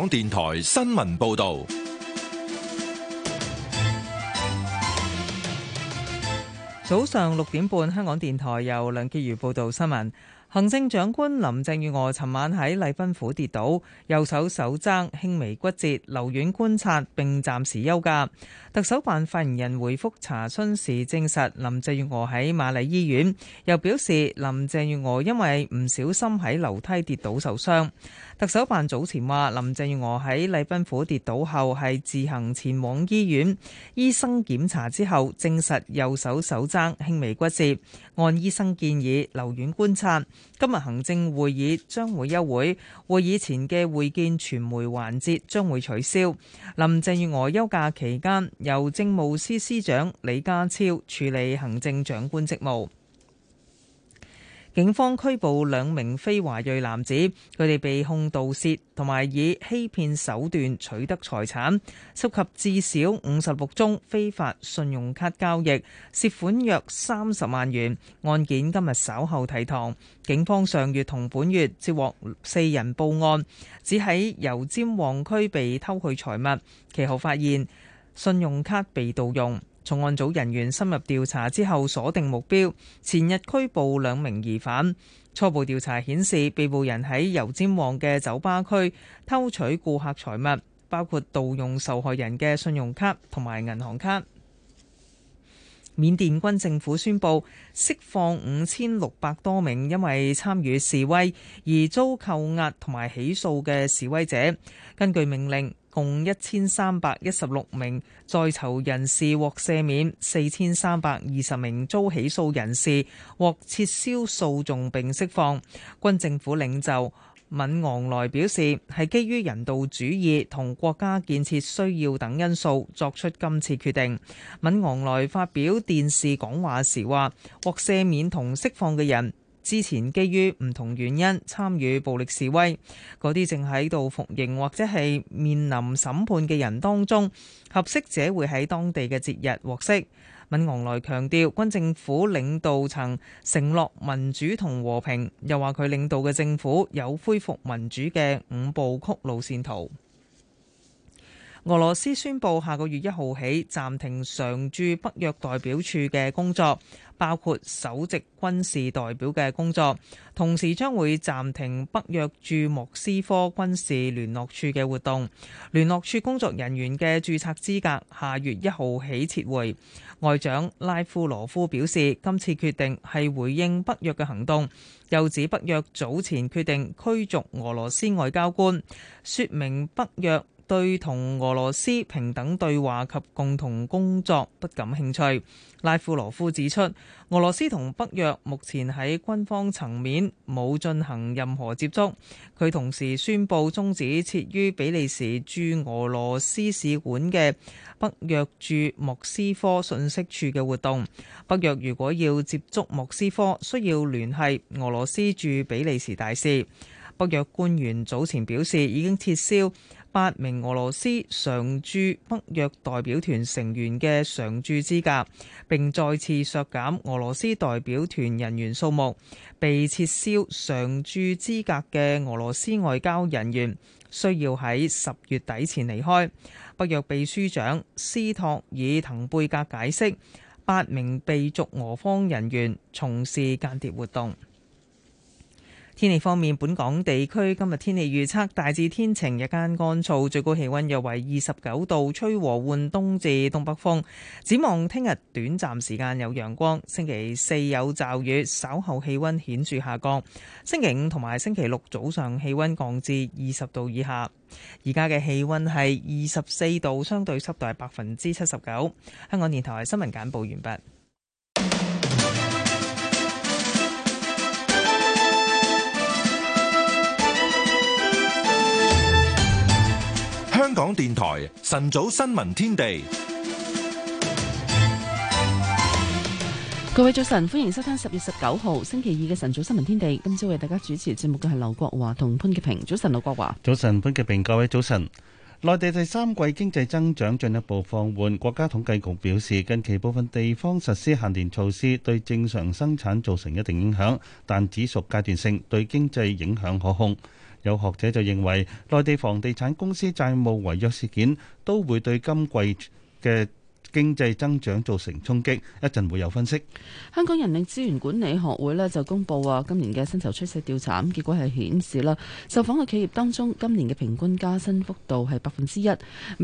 港電台新聞報道，早上六點半，香港電台由梁潔如報道新聞。行政長官林鄭月娥尋晚喺禮賓府跌倒，右手手踭輕微骨折，留院觀察並暫時休假。特首辦發言人回覆查詢時證實，林鄭月娥喺瑪麗醫院。又表示，林鄭月娥因為唔小心喺樓梯跌倒受傷。特首辦早前話，林鄭月娥喺禮賓府跌倒後係自行前往醫院，醫生檢查之後證實右手手踭輕微骨折，按醫生建議留院觀察。今日行政會議將會休會，會議前嘅會見傳媒環節將會取消。林鄭月娥休假期間，由政務司司長李家超處理行政長官職務。警方拘捕兩名非華裔男子，佢哋被控盜竊同埋以欺騙手段取得財產，涉及至少五十六宗非法信用卡交易，涉款約三十萬元。案件今日稍後提堂。警方上月同本月接獲四人報案，只喺油尖旺區被偷去財物，其後發現信用卡被盜用。重案組人員深入調查之後鎖定目標，前日拘捕兩名疑犯。初步調查顯示，被捕人喺油尖旺嘅酒吧區偷取顧客財物，包括盜用受害人嘅信用卡同埋銀行卡。緬甸軍政府宣布釋放五千六百多名因為參與示威而遭扣押同埋起訴嘅示威者。根據命令，共一千三百一十六名在囚人士獲赦免，四千三百二十名遭起訴人士獲撤銷訴訟並釋放軍政府領袖敏昂萊表示，係基於人道主義同國家建設需要等因素作出今次決定。敏昂萊發表電視講話時話，獲赦免同釋放嘅人。之前基於唔同原因參與暴力示威，嗰啲正喺度服刑或者係面臨審判嘅人當中，合適者會喺當地嘅節日獲釋。敏昂萊強調，軍政府領導層承諾民主同和平，又話佢領導嘅政府有恢復民主嘅五步曲路線圖。俄羅斯宣布下個月一號起暫停常駐北約代表處嘅工作，包括首席軍事代表嘅工作，同時將會暫停北約駐莫斯科軍事聯絡處嘅活動。聯絡處工作人員嘅註冊資格下月一號起撤回。外長拉夫羅夫表示，今次決定係回應北約嘅行動，又指北約早前決定驅逐俄羅斯外交官，説明北約對同俄羅斯平等對話及共同工作不感興趣。拉夫羅夫指出，俄羅斯同北約目前喺軍方層面冇進行任何接觸。佢同時宣布終止設於比利時駐俄羅斯使館嘅北約駐莫斯科信息處嘅活動。北約如果要接觸莫斯科，需要聯繫俄羅斯駐比利時大使。北約官員早前表示已經撤銷八名俄羅斯常駐北約代表團成員嘅常駐資格，並再次削減俄羅斯代表團人員數目。被撤銷常駐資格嘅俄羅斯外交人員需要喺十月底前離開。北約秘書長斯托爾滕貝格解釋，八名被逐俄方人員從事間諜活動。天氣方面，本港地區今日天氣預測大致天晴，日間乾燥，最高氣溫約為二十九度，吹和緩東至東北風。展望聽日短暫時間有陽光，星期四有驟雨，稍後氣溫顯著下降。星期五同埋星期六早上氣溫降至二十度以下。而家嘅氣溫係二十四度，相對濕度係百分之七十九。香港電台新聞簡報完畢。港電台晨早新聞天地，各位早晨，歡迎收聽十月十九號星期二嘅晨早新聞天地。今朝為大家主持節目嘅係劉國華同潘潔平。早晨，劉國華。早晨，潘潔平。各位早晨。內地第三季經濟增長進一步放緩，國家統計局表示，近期部分地方實施限電措施，對正常生產造成一定影響，但只屬階段性，對經濟影響可控。有學者就認為，內地房地產公司債務違約事件都會對今季嘅經濟增長造成衝擊，一陣會有分析。香港人力資源管理學會咧，就公布話，今年嘅薪酬趨勢調查咁結果係顯示啦，受訪嘅企業當中，今年嘅平均加薪幅度係百分之一。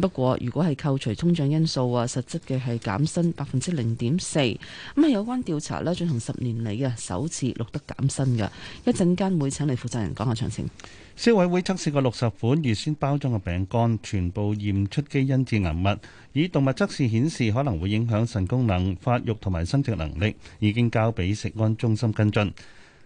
不過如果係扣除通脹因素啊，實質嘅係減薪百分之零點四。咁係有關調查咧，進行十年嚟，嘅首次錄得減薪㗎。一陣間會請嚟負責人講下詳情。消委會測試過六十款預先包裝嘅餅乾，全部驗出基因致癌物。以動物測試顯示，可能會影響腎功能、發育同埋生殖能力，已經交俾食安中心跟進。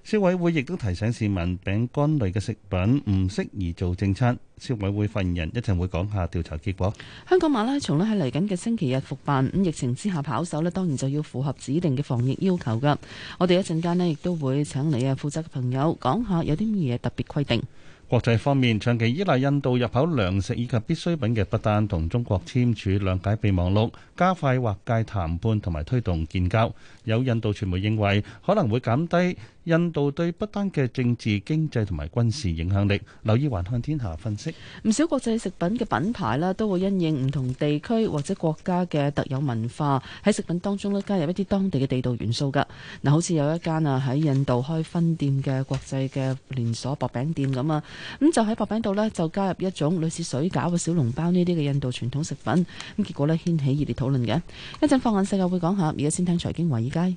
消委會亦都提醒市民，餅乾類嘅食品唔適宜做正餐。消委會發言人一陣會講下調查結果。香港馬拉松咧喺嚟緊嘅星期日復辦咁，疫情之下跑手咧當然就要符合指定嘅防疫要求㗎。我哋一陣間咧亦都會請嚟啊負責嘅朋友講下有啲乜嘢特別規定。國際方面，長期依賴印度入口糧食以及必需品嘅不丹同中國簽署諒解備忘錄，加快劃界談判同埋推動建交。有印度傳媒認為，可能會減低印度對不丹嘅政治、經濟同埋軍事影響力，留意環向天下分析。唔少國際食品嘅品牌啦，都會因應唔同地區或者國家嘅特有文化，喺食品當中都加入一啲當地嘅地道元素噶。嗱，好似有一間啊喺印度開分店嘅國際嘅連鎖薄餅店咁啊，咁就喺薄餅度呢，就加入一種類似水餃、小籠包呢啲嘅印度傳統食品，咁結果呢，掀起熱烈討論嘅。一陣放眼世界會講下，而家先聽財經華爾街。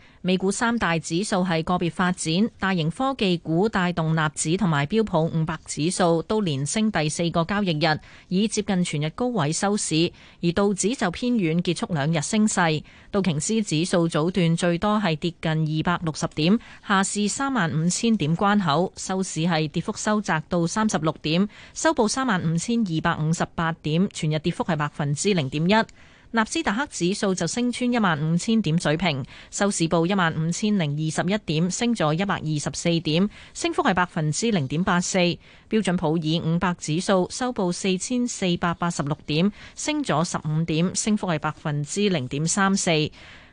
美股三大指數係個別發展，大型科技股帶動納指同埋標普五百指數都連升第四個交易日，以接近全日高位收市。而道指就偏軟，結束兩日升勢。道瓊斯指數早段最多係跌近二百六十點，下試三萬五千點關口，收市係跌幅收窄到三十六點，收報三萬五千二百五十八點，全日跌幅係百分之零點一。納斯達克指數，就升穿一萬五千點水平，收市報一萬五千零二十一點，升咗一百二十四點，升幅係百分之零點八四。標準普爾五百指數收報四千四百八十六點，升咗十五點，升幅係百分之零點三四。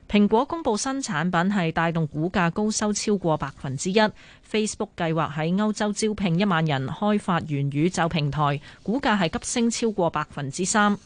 蘋果公布新產品係帶動股價高收超過百分之一，Facebook 計劃喺歐洲招聘一萬人開發元宇宙平台，股價係急升超過百分之三。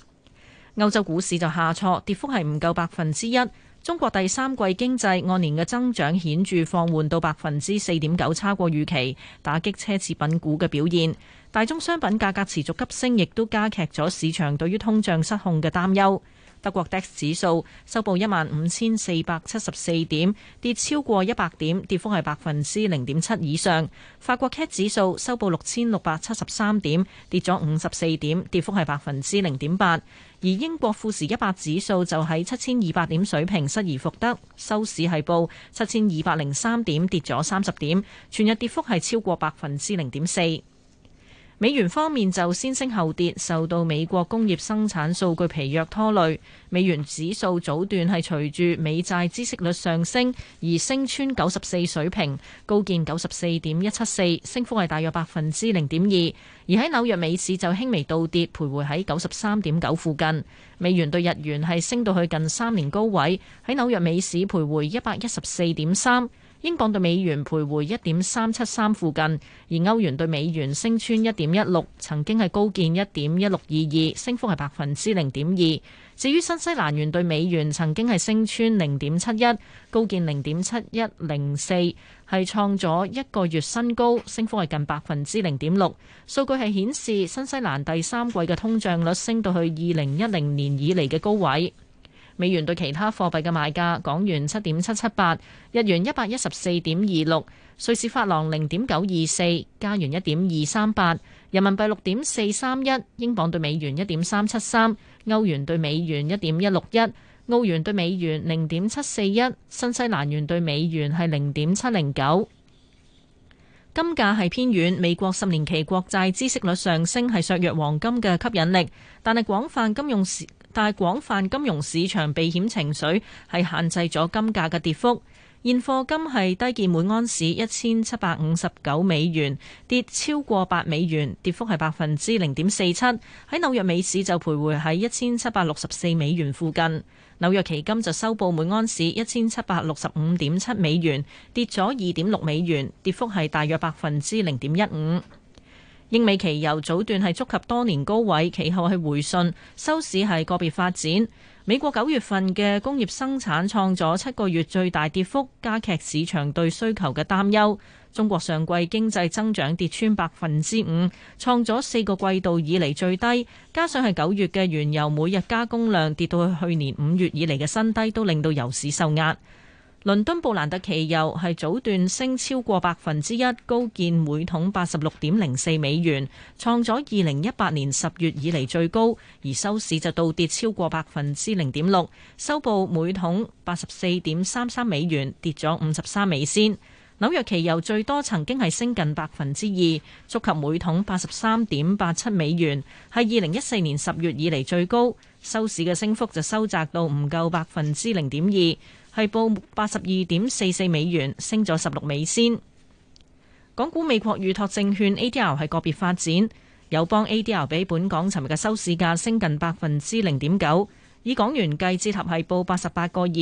歐洲股市就下挫，跌幅係唔夠百分之一。中國第三季經濟按年嘅增長顯著放緩到百分之四點九，差過預期，打擊奢侈品股嘅表現。大宗商品價格持續急升，亦都加劇咗市場對於通脹失控嘅擔憂。德國 DAX 指數收報一萬五千四百七十四點，跌超過一百點，跌幅係百分之零點七以上。法國 CAC 指數收報六千六百七十三點，跌咗五十四點，跌幅係百分之零點八。而英國富時一百指數就喺七千二百點水平失而復得，收市係報七千二百零三點，跌咗三十點，全日跌幅係超過百分之零點四。美元方面就先升後跌，受到美國工業生產數據疲弱拖累。美元指數早段係隨住美債孳息率上升而升穿九十四水平，高見九十四點一七四，升幅係大約百分之零點二。而喺紐約美市就輕微倒跌，徘徊喺九十三點九附近。美元兌日元係升到去近三年高位，喺紐約美市徘徊一百一十四點三。英鎊對美元徘徊一點三七三附近，而歐元對美元升穿一點一六，曾經係高見一點一六二二，升幅係百分之零點二。至於新西蘭元對美元曾經係升穿零點七一，高見零點七一零四，係創咗一個月新高，升幅係近百分之零點六。數據係顯示新西蘭第三季嘅通脹率升到去二零一零年以嚟嘅高位。美元對其他貨幣嘅賣價，港元七點七七八，日元一百一十四點二六，瑞士法郎零點九二四，加元一點二三八，人民幣六點四三一，英鎊對美元一點三七三，歐元對美元一點一六一，澳元對美元零點七四一，新西蘭元對美元係零點七零九。金價係偏軟，美國十年期國債孳息率上升係削弱黃金嘅吸引力，但係廣泛金融市。但係，廣泛金融市場避險情緒，係限制咗金價嘅跌幅。現貨金係低見每盎司一千七百五十九美元，跌超過八美元，跌幅係百分之零點四七。喺紐約美市就徘徊喺一千七百六十四美元附近。紐約期金就收報每盎司一千七百六十五點七美元，跌咗二點六美元，跌幅係大約百分之零點一五。英美期油早段係觸及多年高位，其後係回信收市係個別發展。美國九月份嘅工業生產創咗七個月最大跌幅，加劇市場對需求嘅擔憂，中國上季經濟增長跌穿百分之五，創咗四個季度以嚟最低，加上係九月嘅原油每日加工量跌到去年五月以嚟嘅新低，都令到油市受壓。倫敦布蘭特期油係早段升超過百分之一，高見每桶八十六點零四美元，創咗二零一八年十月以嚟最高。而收市就倒跌超過百分之零點六，收報每桶八十四點三三美元，跌咗五十三美仙。紐約期油最多曾經係升近百分之二，觸及每桶八十三點八七美元，係二零一四年十月以嚟最高。收市嘅升幅就收窄到唔夠百分之零點二，係報八十二點四四美元，升咗十六美仙。港股美國預託證券 ADR 係個別發展，友邦 ADR 比本港尋日嘅收市價升近百分之零點九，以港元計，折合係報八十八個二。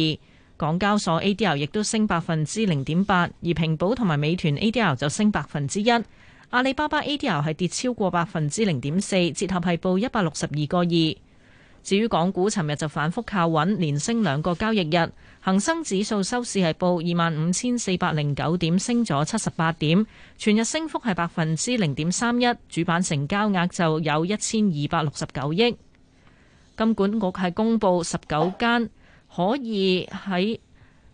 港交所 ADR 亦都升百分之零點八，而平保同埋美團 ADR 就升百分之一。阿里巴巴 ADR 係跌超過百分之零點四，折合係報一百六十二個二。至於港股，尋日就反覆靠穩，連升兩個交易日。恒生指數收市係報二萬五千四百零九點，升咗七十八點，全日升幅係百分之零點三一。主板成交額就有一千二百六十九億。金管局係公布十九間。可以喺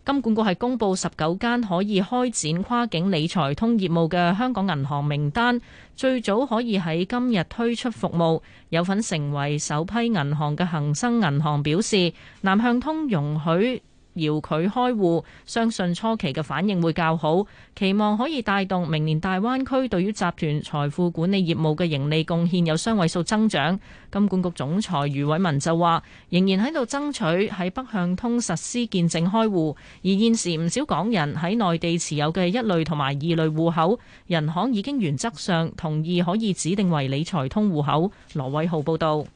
金管局係公布十九間可以開展跨境理財通業務嘅香港銀行名單，最早可以喺今日推出服務，有份成為首批銀行嘅恒生銀行表示，南向通容許。邀佢開戶，相信初期嘅反應會較好，期望可以帶動明年大灣區對於集團財富管理業務嘅盈利貢獻有雙位數增長。金管局總裁余偉文就話，仍然喺度爭取喺北向通實施見證開戶，而現時唔少港人喺內地持有嘅一類同埋二類戶口，人行已經原則上同意可以指定為理財通戶口。羅偉浩報導。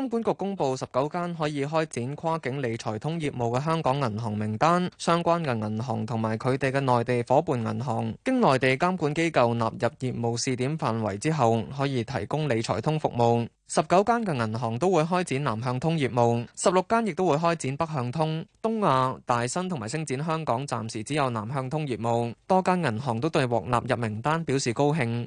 金管局公布十九間可以開展跨境理財通業務嘅香港銀行名單，相關嘅銀行同埋佢哋嘅內地伙伴銀行，經內地監管機構納入業務試點範圍之後，可以提供理財通服務。十九間嘅銀行都會開展南向通業務，十六間亦都會開展北向通。東亞、大新同埋星展香港暫時只有南向通業務。多間銀行都對獲納入名單表示高興。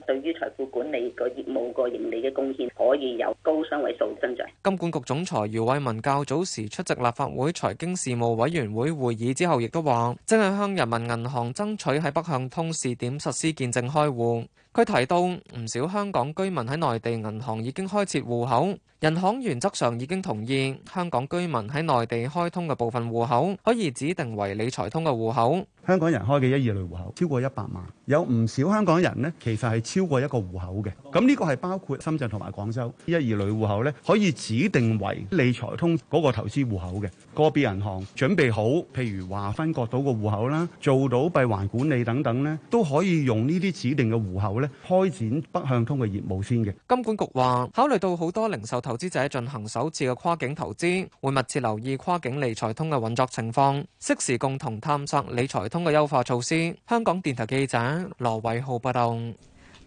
對於財富管理個業務個盈利嘅貢獻，可以有高雙位數增長。金管局總裁余偉文較早時出席立法會財經事務委員會會議之後，亦都話，正係向人民銀行爭取喺北向通試點實施見證開戶。佢提到，唔少香港居民喺內地銀行已經開設戶口，銀行原則上已經同意香港居民喺內地開通嘅部分戶口可以指定為理財通嘅戶口。香港人開嘅一、二類戶口超過一百萬，有唔少香港人呢，其實係超過一個戶口嘅。咁呢個係包括深圳同埋廣州一、二類戶口咧，可以指定為理財通嗰個投資戶口嘅，個別銀行準備好，譬如話，分割到個戶口啦，做到閉環管理等等咧，都可以用呢啲指定嘅戶口咧，開展北向通嘅業務先嘅。金管局話，考慮到好多零售投資者進行首次嘅跨境投資，會密切留意跨境理財通嘅運作情況，適時共同探索理財，通過優化措施，香港電台記者羅偉浩報道。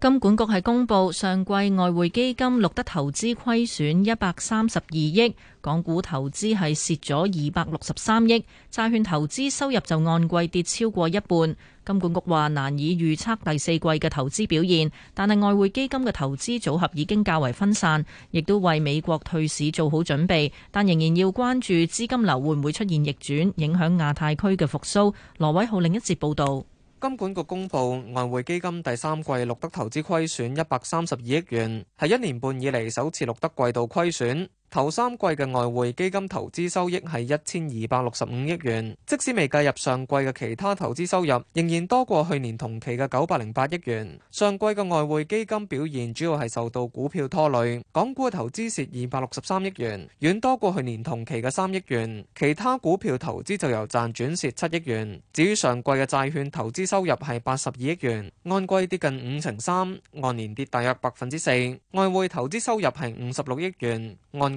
金管局係公佈上季外匯基金錄得投資虧損一百三十二億，港股投資係蝕咗二百六十三億，債券投資收入就按季跌超過一半。金管局話難以預測第四季嘅投資表現，但係外匯基金嘅投資組合已經較為分散，亦都為美國退市做好準備，但仍然要關注資金流會唔會出現逆轉，影響亞太區嘅復蘇。羅偉浩另一節報道。金管局公佈外匯基金第三季錄得投資虧損一百三十二億元，係一年半以嚟首次錄得季度虧損。頭三季嘅外匯基金投資收益係一千二百六十五億元，即使未計入上季嘅其他投資收入，仍然多過去年同期嘅九百零八億元。上季嘅外匯基金表現主要係受到股票拖累，港股嘅投資蝕二百六十三億元，遠多過去年同期嘅三億元。其他股票投資就由賺轉蝕七億元。至於上季嘅債券投資收入係八十二億元，按季跌近五成三，按年跌大約百分之四。外匯投資收入係五十六億元，按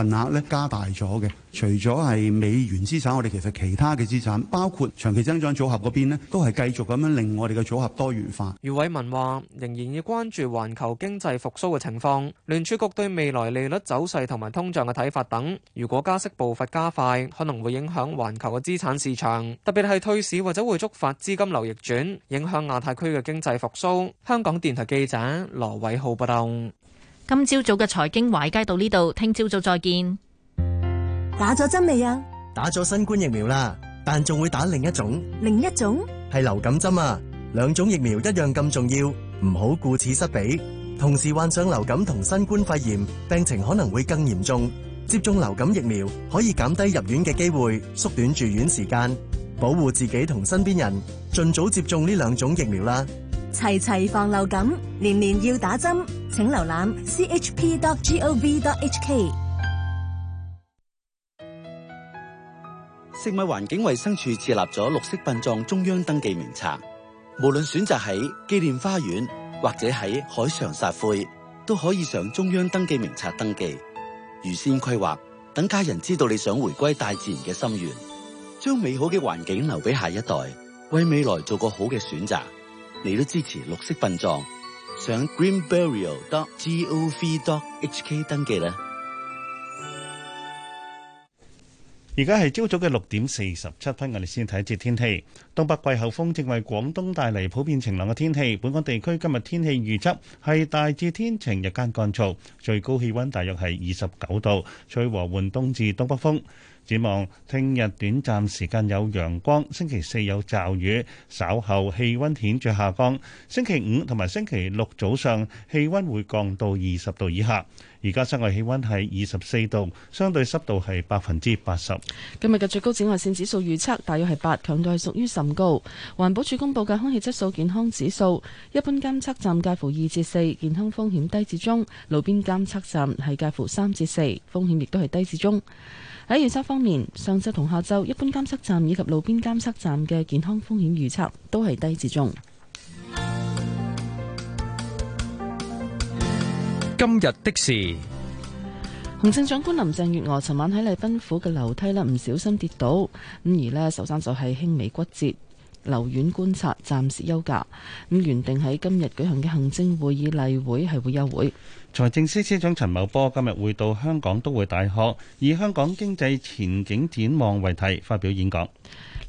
份額咧加大咗嘅，除咗係美元資產，我哋其實其他嘅資產，包括長期增長組合嗰邊都係繼續咁樣令我哋嘅組合多元化。余偉文話：仍然要關注環球經濟復甦嘅情況、聯儲局對未來利率走勢同埋通脹嘅睇法等。如果加息步伐加快，可能會影響環球嘅資產市場，特別係退市或者會觸發資金流逆轉，影響亞太區嘅經濟復甦。香港電台記者羅偉浩報道。今朝早嘅財經懷街到呢度，聽朝早再見。打咗針未啊？打咗新冠疫苗啦，但仲會打另一種。另一種？係流感針啊！兩種疫苗一樣咁重要，唔好顧此失彼。同時患上流感同新冠肺炎，病情可能會更嚴重。接種流感疫苗可以減低入院嘅機會，縮短住院時間，保護自己同身邊人。盡早接種呢兩種疫苗啦。齊齊防流感，年年要打針，請瀏覽 chp.gov.hk。食物環境衛生署設立咗綠色殯葬中央登記名冊，無論選擇喺紀念花園或者喺海上撒灰，都可以上中央登記名冊登記，預先規劃，等家人知道你想回歸大自然嘅心願，將美好嘅環境留俾下一代，為未來做個好嘅選擇。你都支持綠色殯葬，上 green burial dot g o v dot h k 登記啦！而家係朝早嘅六點四十七分，我哋先睇一節天氣。東北季候風正為廣東帶嚟普遍晴朗嘅天氣。本港地區今日天，天氣預測係大致天晴，日間乾燥，最高氣溫大約係二十九度，吹和緩東至東北風。展望聽日短暫時間有陽光，星期四有驟雨，稍後氣溫顯著下降。星期五同埋星期六早上氣溫會降到二十度以下。而家室外氣溫係二十四度，相對濕度係百分之八十。今日嘅最高紫外線指數預測大約係八，強度係屬於甚高。環保署公布嘅空氣質素健康指數，一般監測站介乎二至四，健康風險低至中；路邊監測站係介乎三至四，風險亦都係低至中。喺預測方面，上晝同下晝一般監測站以及路邊監測站嘅健康風險預測都係低至中。今日的事，行政長官林鄭月娥尋晚喺禮賓府嘅樓梯咧唔小心跌倒，咁而咧受傷就係輕微骨折，留院觀察，暫時休假。咁原定喺今日舉行嘅行政會議例會係會休會。財政司司長陳茂波今日會到香港都會大學，以香港經濟前景展望為題發表演講。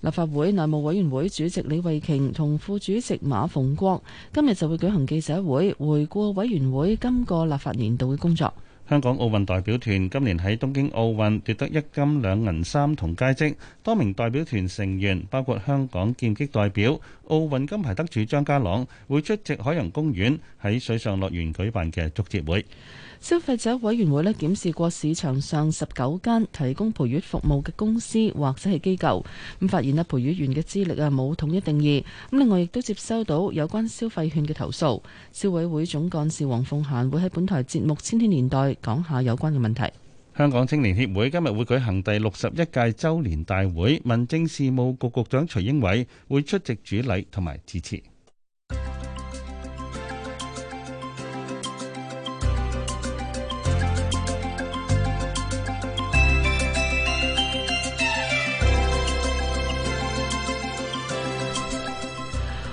立法會內務委員會主席李慧瓊同副主席馬逢國今日就會舉行記者會，回顧委員會今個立法年度嘅工作。香港奧運代表團今年喺東京奧運奪得一金兩銀三銅佳績，多名代表團成員，包括香港劍擊代表、奧運金牌得主張家朗，會出席海洋公園喺水上樂園舉辦嘅祝捷會。消費者委員會咧檢視過市場上十九間提供陪月服務嘅公司或者係機構，咁發現咧陪月員嘅資歷啊冇統一定義。咁另外亦都接收到有關消費券嘅投訴。消委會總幹事黃鳳嫻會喺本台節目《千禧年代》講下有關嘅問題。香港青年協會今日會舉行第六十一屆周年大會，民政事務局局長徐英偉會出席主禮同埋致辭。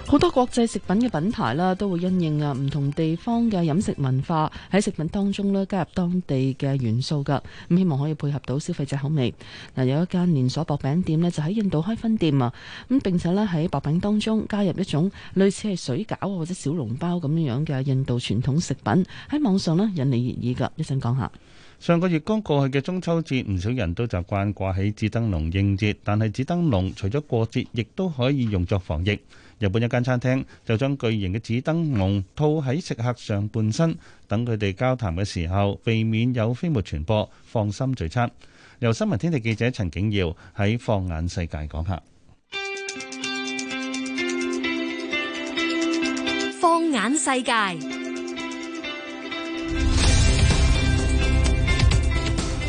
好多國際食品嘅品牌啦，都會因應啊唔同地方嘅飲食文化，喺食品當中咧加入當地嘅元素噶。咁希望可以配合到消費者口味嗱。有一間連鎖薄餅店咧就喺印度開分店啊，咁並且咧喺薄餅當中加入一種類似係水餃或者小籠包咁樣樣嘅印度傳統食品，喺網上咧引嚟熱議噶。一陣講下。上個月剛過去嘅中秋節，唔少人都習慣掛起紫燈籠應節，但係紫燈籠除咗過節，亦都可以用作防疫。日本一間餐廳就將巨型嘅紙燈籠套喺食客上半身，等佢哋交談嘅時候，避免有飛沫傳播，放心聚餐。由新聞天地記者陳景耀喺《放眼世界》講下，《放眼世界》。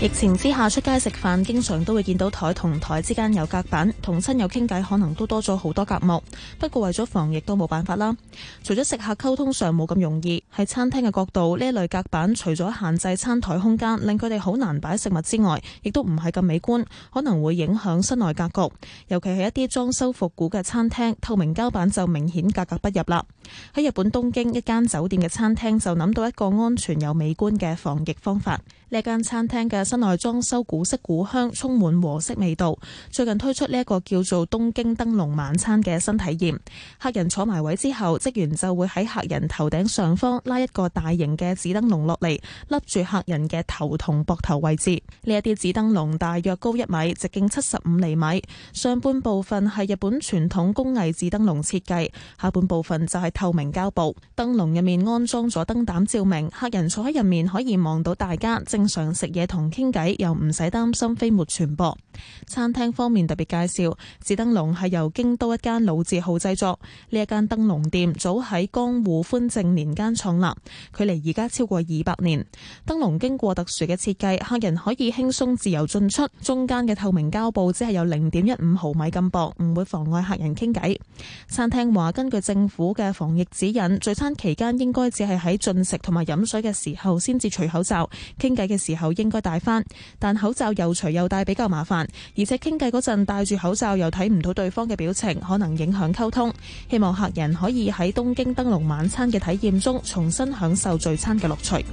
疫情之下，出街食飯經常都會見到台同台之間有隔板，同親友傾偈可能都多咗好多隔膜。不過為咗防疫都冇辦法啦。除咗食客溝通上冇咁容易，喺餐廳嘅角度，呢一類隔板除咗限制餐台空間，令佢哋好難擺食物之外，亦都唔係咁美觀，可能會影響室內格局。尤其係一啲裝修復古嘅餐廳，透明膠板就明顯格格不入啦。喺日本東京一間酒店嘅餐廳就諗到一個安全又美觀嘅防疫方法。呢間餐廳嘅室內裝修古色古香，充滿和式味道。最近推出呢一個叫做《東京燈籠晚餐》嘅新體驗。客人坐埋位之後，職員就會喺客人頭頂上方拉一個大型嘅紙燈籠落嚟，笠住客人嘅頭同膊頭位置。呢一啲紙燈籠大約高一米，直徑七十五厘米。上半部分係日本傳統工藝紙燈籠設計，下半部分就係透明膠布。燈籠入面安裝咗燈膽照明，客人坐喺入面可以望到大家。正常食嘢同傾偈又唔使擔心飛沫傳播。餐廳方面特別介紹，紫燈籠係由京都一間老字號製作。呢一間燈籠店早喺江戶寬正年間創立，距離而家超過二百年。燈籠經過特殊嘅設計，客人可以輕鬆自由進出，中間嘅透明膠布只係有零點一五毫米咁薄，唔會妨礙客人傾偈。餐廳話，根據政府嘅防疫指引，聚餐期間應該只係喺進食同埋飲水嘅時候先至除口罩傾偈。嘅時候應該戴翻，但口罩又除又戴比較麻煩，而且傾偈嗰陣戴住口罩又睇唔到對方嘅表情，可能影響溝通。希望客人可以喺東京燈籠晚餐嘅體驗中，重新享受聚餐嘅樂趣。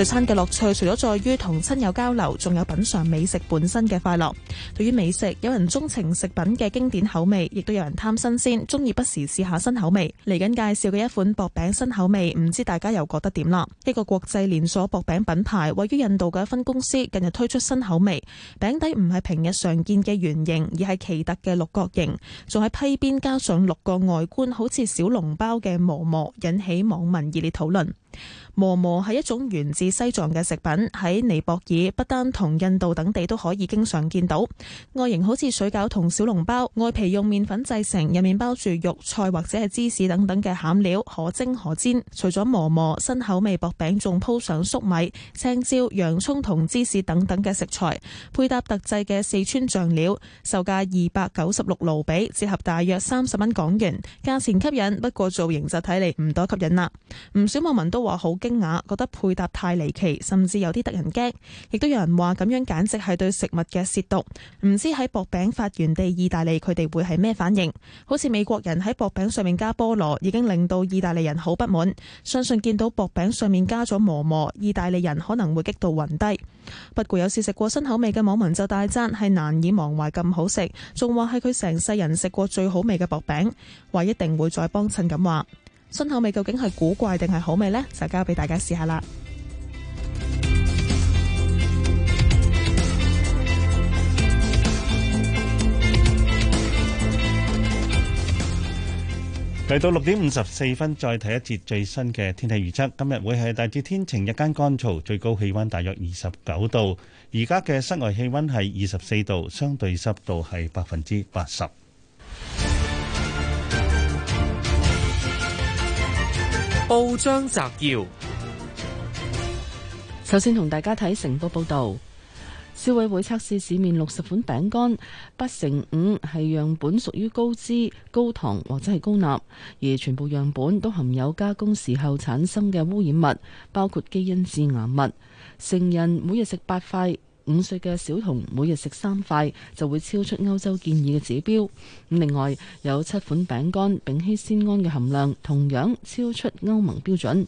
聚餐嘅樂趣除咗在於同親友交流，仲有品嚐美食本身嘅快樂。對於美食，有人鍾情食品嘅經典口味，亦都有人貪新鮮，中意不時試下新口味。嚟緊介紹嘅一款薄餅新口味，唔知大家又覺得點啦？一個國際連鎖薄餅品牌位於印度嘅分公司近日推出新口味，餅底唔係平日常見嘅圓形，而係奇特嘅六角形，仲喺批邊加上六個外觀好似小籠包嘅磨磨，引起網民熱烈討論。饃饃係一種源自西藏嘅食品，喺尼泊爾、不丹同印度等地都可以經常見到。外形好似水餃同小籠包，外皮用麵粉製成，入面包住肉菜或者係芝士等等嘅餡料，可蒸可煎。除咗饃饃，新口味薄餅仲鋪上粟米、青椒、洋蔥同芝士等等嘅食材，配搭特製嘅四川醬料，售價二百九十六盧比，折合大約三十蚊港元，價錢吸引，不過造型就睇嚟唔多吸引啦。唔少網民都。都話好驚訝，覺得配搭太離奇，甚至有啲得人驚。亦都有人話咁樣簡直係對食物嘅褻瀆。唔知喺薄餅發源地意大利，佢哋會係咩反應？好似美國人喺薄餅上面加菠蘿，已經令到意大利人好不滿。相信見到薄餅上面加咗磨磨，意大利人可能會激到暈低。不過有試食過新口味嘅網民就大讚係難以忘懷咁好食，仲話係佢成世人食過最好味嘅薄餅，話一定會再幫襯咁話。新口味究竟係古怪定係好味呢？就交俾大家試下啦。嚟到六點五十四分，再睇一節最新嘅天氣預測。今日會係大致天晴，日間乾燥，最高氣溫大約二十九度。而家嘅室外氣溫係二十四度，相對濕度係百分之八十。報章摘要：首先同大家睇成報報道，消委會測試市面六十款餅乾，八成五係樣本屬於高脂、高糖或者係高鈉，而全部樣本都含有加工時候產生嘅污染物，包括基因致癌物。成人每日食八塊。五歲嘅小童每日食三塊，就會超出歐洲建議嘅指標。另外有七款餅乾，丙烯酰胺嘅含量同樣超出歐盟標準。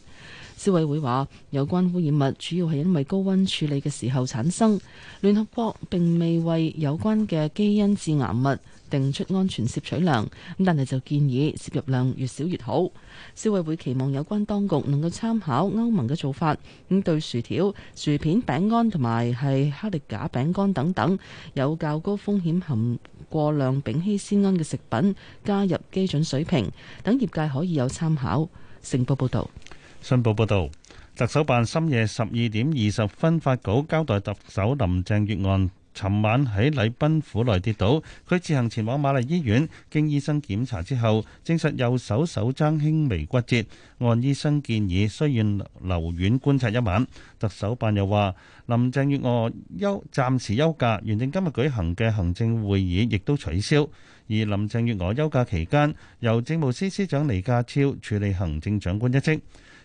消委會話：有關污染物主要係因為高温處理嘅時候產生。聯合國並未為有關嘅基因致癌物定出安全攝取量，咁但係就建議攝入量越少越好。消委會期望有關當局能夠參考歐盟嘅做法，咁對薯條、薯片、餅乾同埋係克力架餅乾等等有較高風險含過量丙烯酰胺嘅食品加入基準水平，等業界可以有參考。成報報道。信報報導，特首辦深夜十二點二十分發稿交代，特首林鄭月娥尋晚喺禮賓府內跌倒，佢自行前往瑪麗醫院，經醫生檢查之後，證實右手手踭輕微骨折，按醫生建議，需要留院觀察一晚。特首辦又話，林鄭月娥休暫時休假，原定今日舉行嘅行政會議亦都取消。而林鄭月娥休假期間，由政務司司長李家超處理行政長官一職。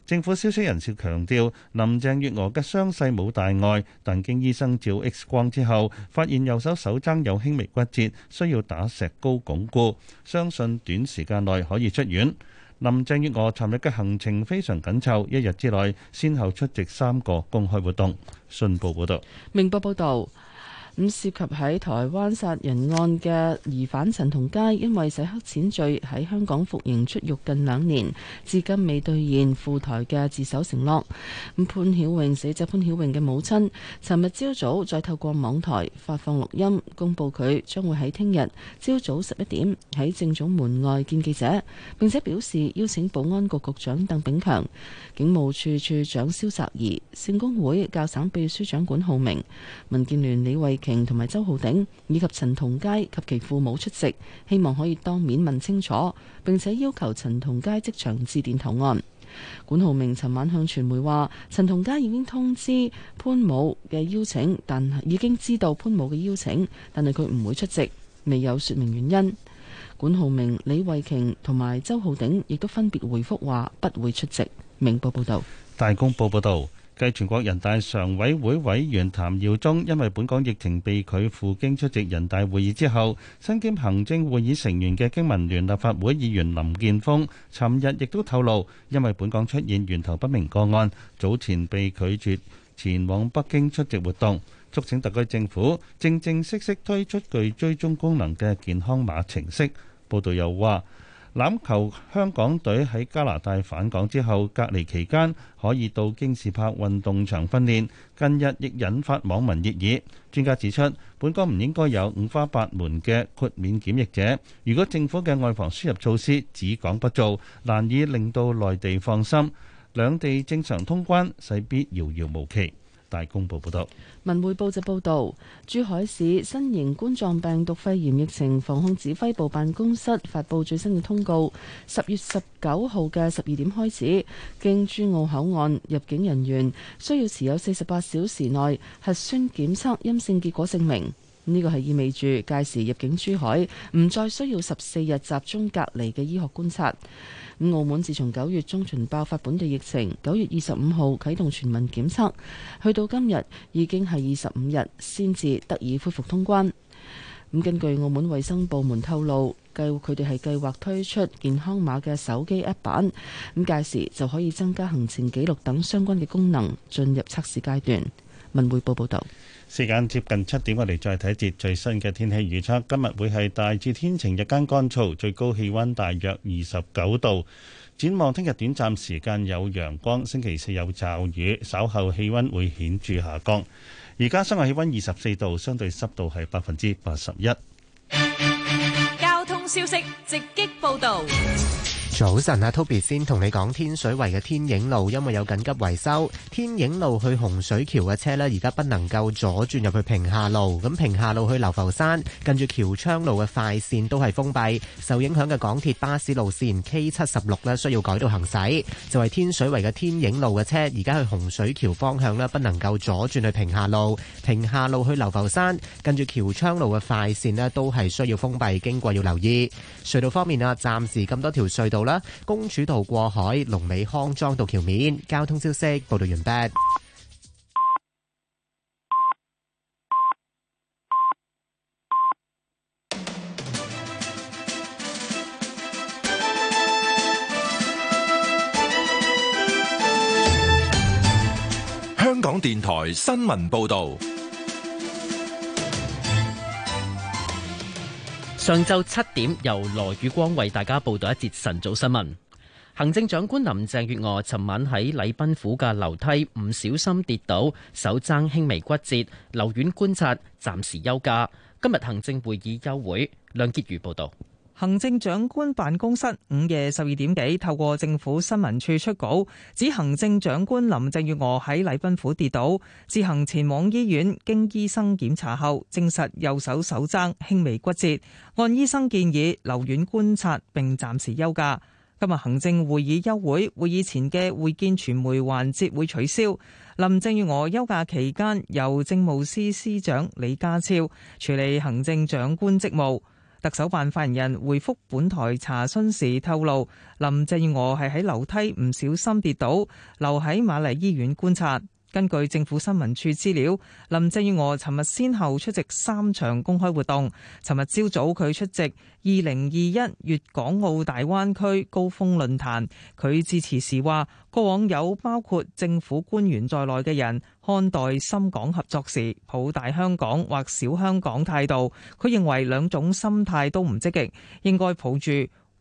政府消息人士強調，林鄭月娥嘅傷勢冇大礙，但經醫生照 X 光之後，發現右手手踭有輕微骨折，需要打石膏鞏固，相信短時間內可以出院。林鄭月娥尋日嘅行程非常緊湊，一日之內先後出席三個公開活動。信報報導，明報報道。咁涉及喺台灣殺人案嘅疑犯陳同佳，因為洗黑錢罪喺香港服刑出獄近兩年，至今未兌現赴台嘅自首承諾。潘曉穎死者潘曉穎嘅母親，尋日朝早再透過網台發放錄音，公佈佢將會喺聽日朝早十一點喺政總門外見記者，並且表示邀請保安局局長鄧炳強、警務處處長蕭澤頤、聖公會教省秘書長管浩明、民建聯李慧。同埋周浩鼎以及陳同佳及其父母出席，希望可以當面問清楚，並且要求陳同佳即場致電投案。管浩明尋晚向傳媒話：陳同佳已經通知潘武嘅邀請，但已經知道潘武嘅邀請，但係佢唔會出席，未有說明原因。管浩明、李慧瓊同埋周浩鼎亦都分別回覆話不會出席。明報報道，大公報報道。繼全國人大常委會委員譚耀宗因為本港疫情被拒赴京出席人大會議之後，身兼行政會議成員嘅經民聯立法會議員林健鋒尋日亦都透露，因為本港出現源頭不明個案，早前被拒絕前往北京出席活動，促請特區政府正正式式推出具追蹤功能嘅健康碼程式。報道又話。欖球香港隊喺加拿大返港之後隔離期間可以到京士柏運動場訓練，近日亦引發網民熱議。專家指出，本港唔應該有五花八門嘅豁免檢疫者。如果政府嘅外防輸入措施只講不做，難以令到內地放心，兩地正常通關勢必遙遙無期。大公報報道，文匯報就報道，珠海市新型冠狀病毒肺炎疫情防控指揮部辦公室發布最新嘅通告，十月十九號嘅十二點開始，經珠澳口岸入境人員需要持有四十八小時內核酸檢測陰性結果證明。呢個係意味住，屆時入境珠海唔再需要十四日集中隔離嘅醫學觀察。澳門自從九月中旬爆發本地疫情，九月二十五號啟動全民檢測，去到今日已經係二十五日先至得以恢復通關。咁根據澳門衛生部門透露，計佢哋係計劃推出健康碼嘅手機 App，咁屆時就可以增加行程記錄等相關嘅功能，進入測試階段。文匯報報道。時間接近七點，我哋再睇一節最新嘅天氣預測。今日會係大致天晴，日間乾燥，最高氣溫大約二十九度。展望聽日短暫時間有陽光，星期四有驟雨，稍後氣溫會顯著下降。而家室外氣溫二十四度，相對濕度係百分之八十一。交通消息直擊報道。早晨啊，Toby 先同你講，天水圍嘅天影路因為有緊急維修，天影路去洪水橋嘅車咧，而家不能夠左轉入去平下路。咁平下路去流浮山，跟住僑昌路嘅快線都係封閉。受影響嘅港鐵巴士路線 K 七十六咧，需要改道行駛。就係天水圍嘅天影路嘅車，而家去洪水橋方向咧，不能夠左轉去平下路。平下路去流浮山，跟住僑昌路嘅快線咧，都係需要封閉，經過要留意。隧道方面啊，暫時咁多條隧道。啦，公主道過海，龍尾康莊道橋面，交通消息報道完畢。香港電台新聞報道。上晝七點，由羅宇光為大家報道一節晨早新聞。行政長官林鄭月娥尋晚喺禮賓府嘅樓梯唔小心跌倒，手踭輕微骨折，留院觀察，暫時休假。今日行政會議休會。梁潔如報道。行政長官辦公室午夜十二點幾透過政府新聞處出稿，指行政長官林鄭月娥喺禮賓府跌倒，自行前往醫院，經醫生檢查後證實右手手踭輕微骨折，按醫生建議留院觀察並暫時休假。今日行政會議休會，會議前嘅會見傳媒環節會取消。林鄭月娥休假期間由政務司司長李家超處理行政長官職務。特首辦發言人回覆本台查詢時透露，林鄭月娥係喺樓梯唔小心跌倒，留喺瑪麗醫院觀察。根據政府新聞處資料，林鄭月娥尋日先後出席三場公開活動。尋日朝早佢出席二零二一粵港澳大灣區高峰論壇，佢致辭時話：過往有包括政府官員在內嘅人看待深港合作時抱大香港或小香港態度，佢認為兩種心態都唔積極，應該抱住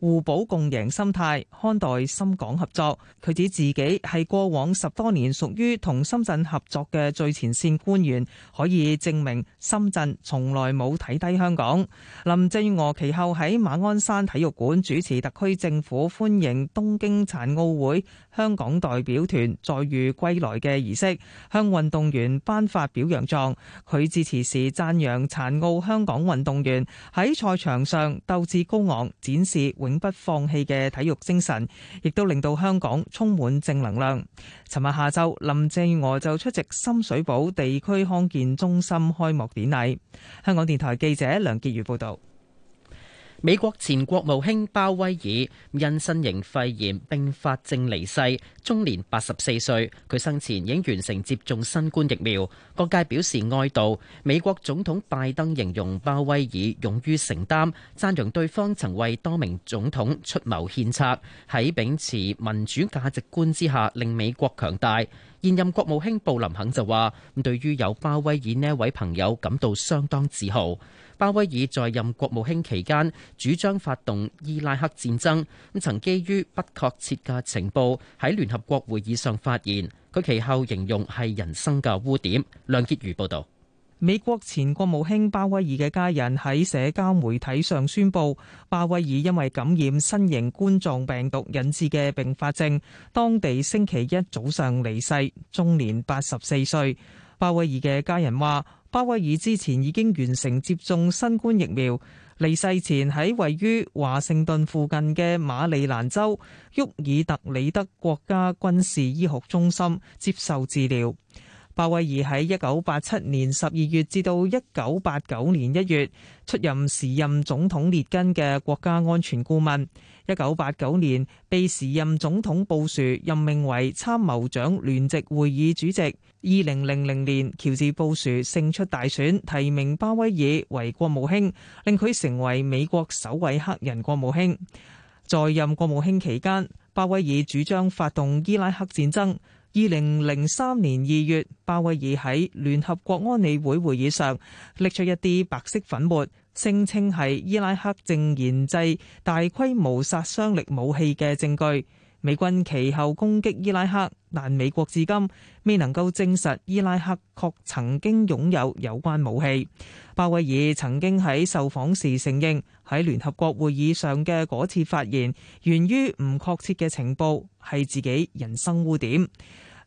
互補共贏心態看待深港合作。佢指自己係過往十多年屬於同深圳合作嘅最前線官員，可以證明深圳從來冇睇低香港。林鄭月娥其後喺馬鞍山體育館主持特區政府歡迎東京殘奧會香港代表團載譽歸來嘅儀式，向運動員頒發表揚狀，佢致詞時讚揚殘奧香港運動員喺賽場上鬥志高昂，展示永不放棄嘅體育精神，亦都令到香港充滿正能量。尋日下晝，林鄭月娥就出席深水埗地區康健中心開幕典禮。香港電台記者梁潔如報道。美國前國務卿鮑威爾因新型肺炎併發症離世，終年八十四歲。佢生前已經完成接種新冠疫苗，各界表示哀悼。美國總統拜登形容鮑威爾勇於承擔，讚揚對方曾為多名總統出謀獻策，喺秉持民主價值觀之下令美國強大。現任國務卿布林肯就話，對於有鮑威爾呢位朋友感到相當自豪。鮑威爾在任國務卿期間，主張發動伊拉克戰爭，曾基於不確切嘅情報喺聯合國會議上發言，佢其後形容係人生嘅污點。梁潔如報導。美國前國務卿鮑威爾嘅家人喺社交媒體上宣佈，鮑威爾因為感染新型冠狀病毒引致嘅併發症，當地星期一早上離世，終年八十四歲。鮑威爾嘅家人話，鮑威爾之前已經完成接種新冠疫苗，離世前喺位於華盛頓附近嘅馬里蘭州沃爾特里德國家軍事醫學中心接受治療。鮑威爾喺一九八七年十二月至到一九八九年一月出任時任總統列根嘅國家安全顧問，一九八九年被時任總統布殊任命為參謀長聯席會議主席。二零零零年喬治布殊勝出大選提名鮑威爾為國務卿，令佢成為美國首位黑人國務卿。在任國務卿期間鮑威爾主張發動伊拉克戰爭。二零零三年二月，鮑威爾喺聯合國安理會會議上，拎出一啲白色粉末，聲稱係伊拉克正研製大規模殺傷力武器嘅證據。美軍其後攻擊伊拉克，但美國至今未能夠證實伊拉克確曾經擁有有關武器。鮑威爾曾經喺受訪時承認，喺聯合國會議上嘅嗰次發言源於唔確切嘅情報，係自己人生污點。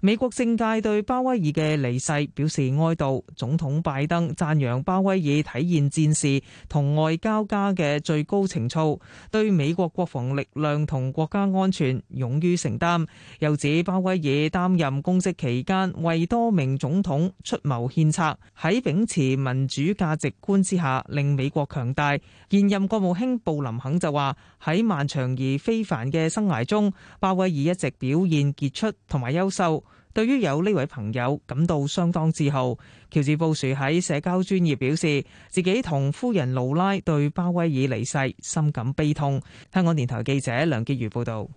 美國政界對鮑威爾嘅離世表示哀悼，總統拜登讚揚鮑威爾體現戰士同外交家嘅最高情操，對美國國防力量同國家安全勇於承擔。又指鮑威爾擔任公職期間為多名總統出謀獻策，喺秉持民主價值觀之下，令美國強大。現任國務卿布林肯就話：喺漫長而非凡嘅生涯中，鮑威爾一直表現傑出同埋優秀。對於有呢位朋友感到相當自豪，喬治布殊喺社交專頁表示自己同夫人勞拉對鮑威爾離世深感悲痛。香港電台記者梁潔如報導，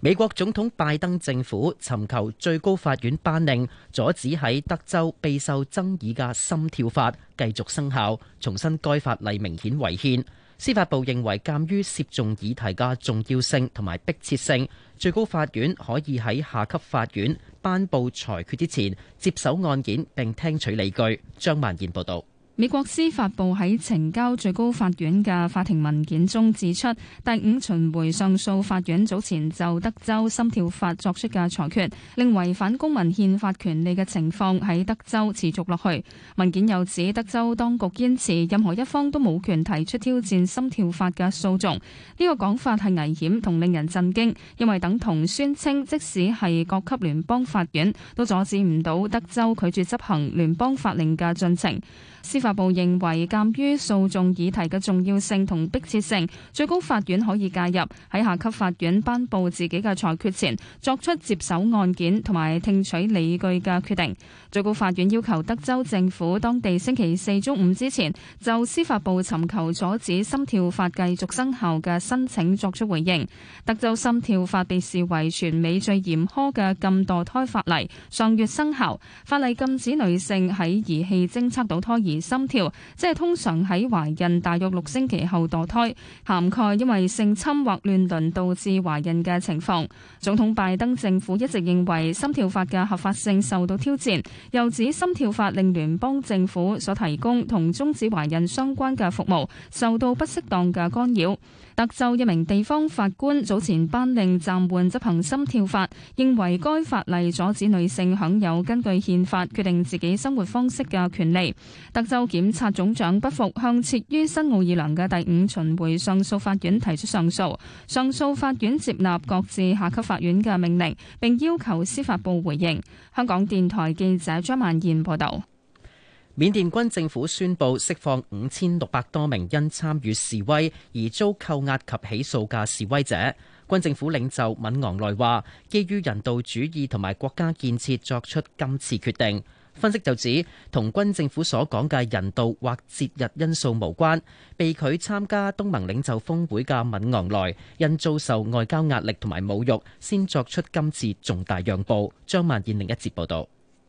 美國總統拜登政府尋求最高法院頒令阻止喺德州備受爭議嘅心跳法繼續生效，重申該法例明顯違憲。司法部認為，鑑於涉眾議題嘅重要性同埋迫切性，最高法院可以喺下級法院頒布裁決之前，接手案件並聽取理據。張萬燕報道。美國司法部喺呈交最高法院嘅法庭文件中指出，第五巡回上訴法院早前就德州心跳法作出嘅裁決，令違反公民憲法權利嘅情況喺德州持續落去。文件又指，德州當局堅持任何一方都冇權提出挑戰心跳法嘅訴訟，呢個講法係危險同令人震驚，因為等同宣稱即使係各級聯邦法院都阻止唔到德州拒絕執行聯邦法令嘅進程。司法部認為，鑑於訴訟議題嘅重要性同迫切性，最高法院可以介入喺下級法院頒佈自己嘅裁決前，作出接手案件同埋聽取理據嘅決定。最高法院要求德州政府當地星期四中午之前就司法部尋求阻止心跳法繼續生效嘅申請作出回應。德州心跳法被視為全美最嚴苛嘅禁墮胎法例，上月生效。法例禁止女性喺儀器偵測到胎兒心跳，即係通常喺懷孕大約六星期後墮胎，涵蓋因為性侵或亂倫導致懷孕嘅情況。總統拜登政府一直認為心跳法嘅合法性受到挑戰，又指心跳法令聯邦政府所提供同終止懷孕相關嘅服務受到不適當嘅干擾。德州一名地方法官早前頒令暫緩執行心跳法，認為該法例阻止女性享有根據憲法決定自己生活方式嘅權利。德州檢察總長不服，向設於新奧爾良嘅第五巡迴上訴法院提出上訴。上訴法院接納各自下級法院嘅命令，並要求司法部回應。香港電台記者張曼燕報道。緬甸軍政府宣布釋放五千六百多名因參與示威而遭扣押及起訴嘅示威者。軍政府領袖敏昂萊話，基於人道主義同埋國家建設作出今次決定。分析就指，同軍政府所講嘅人道或節日因素無關。被拒參加東盟領袖峰會嘅敏昂萊，因遭受外交壓力同埋侮辱，先作出今次重大讓步。張萬燕另一節報道。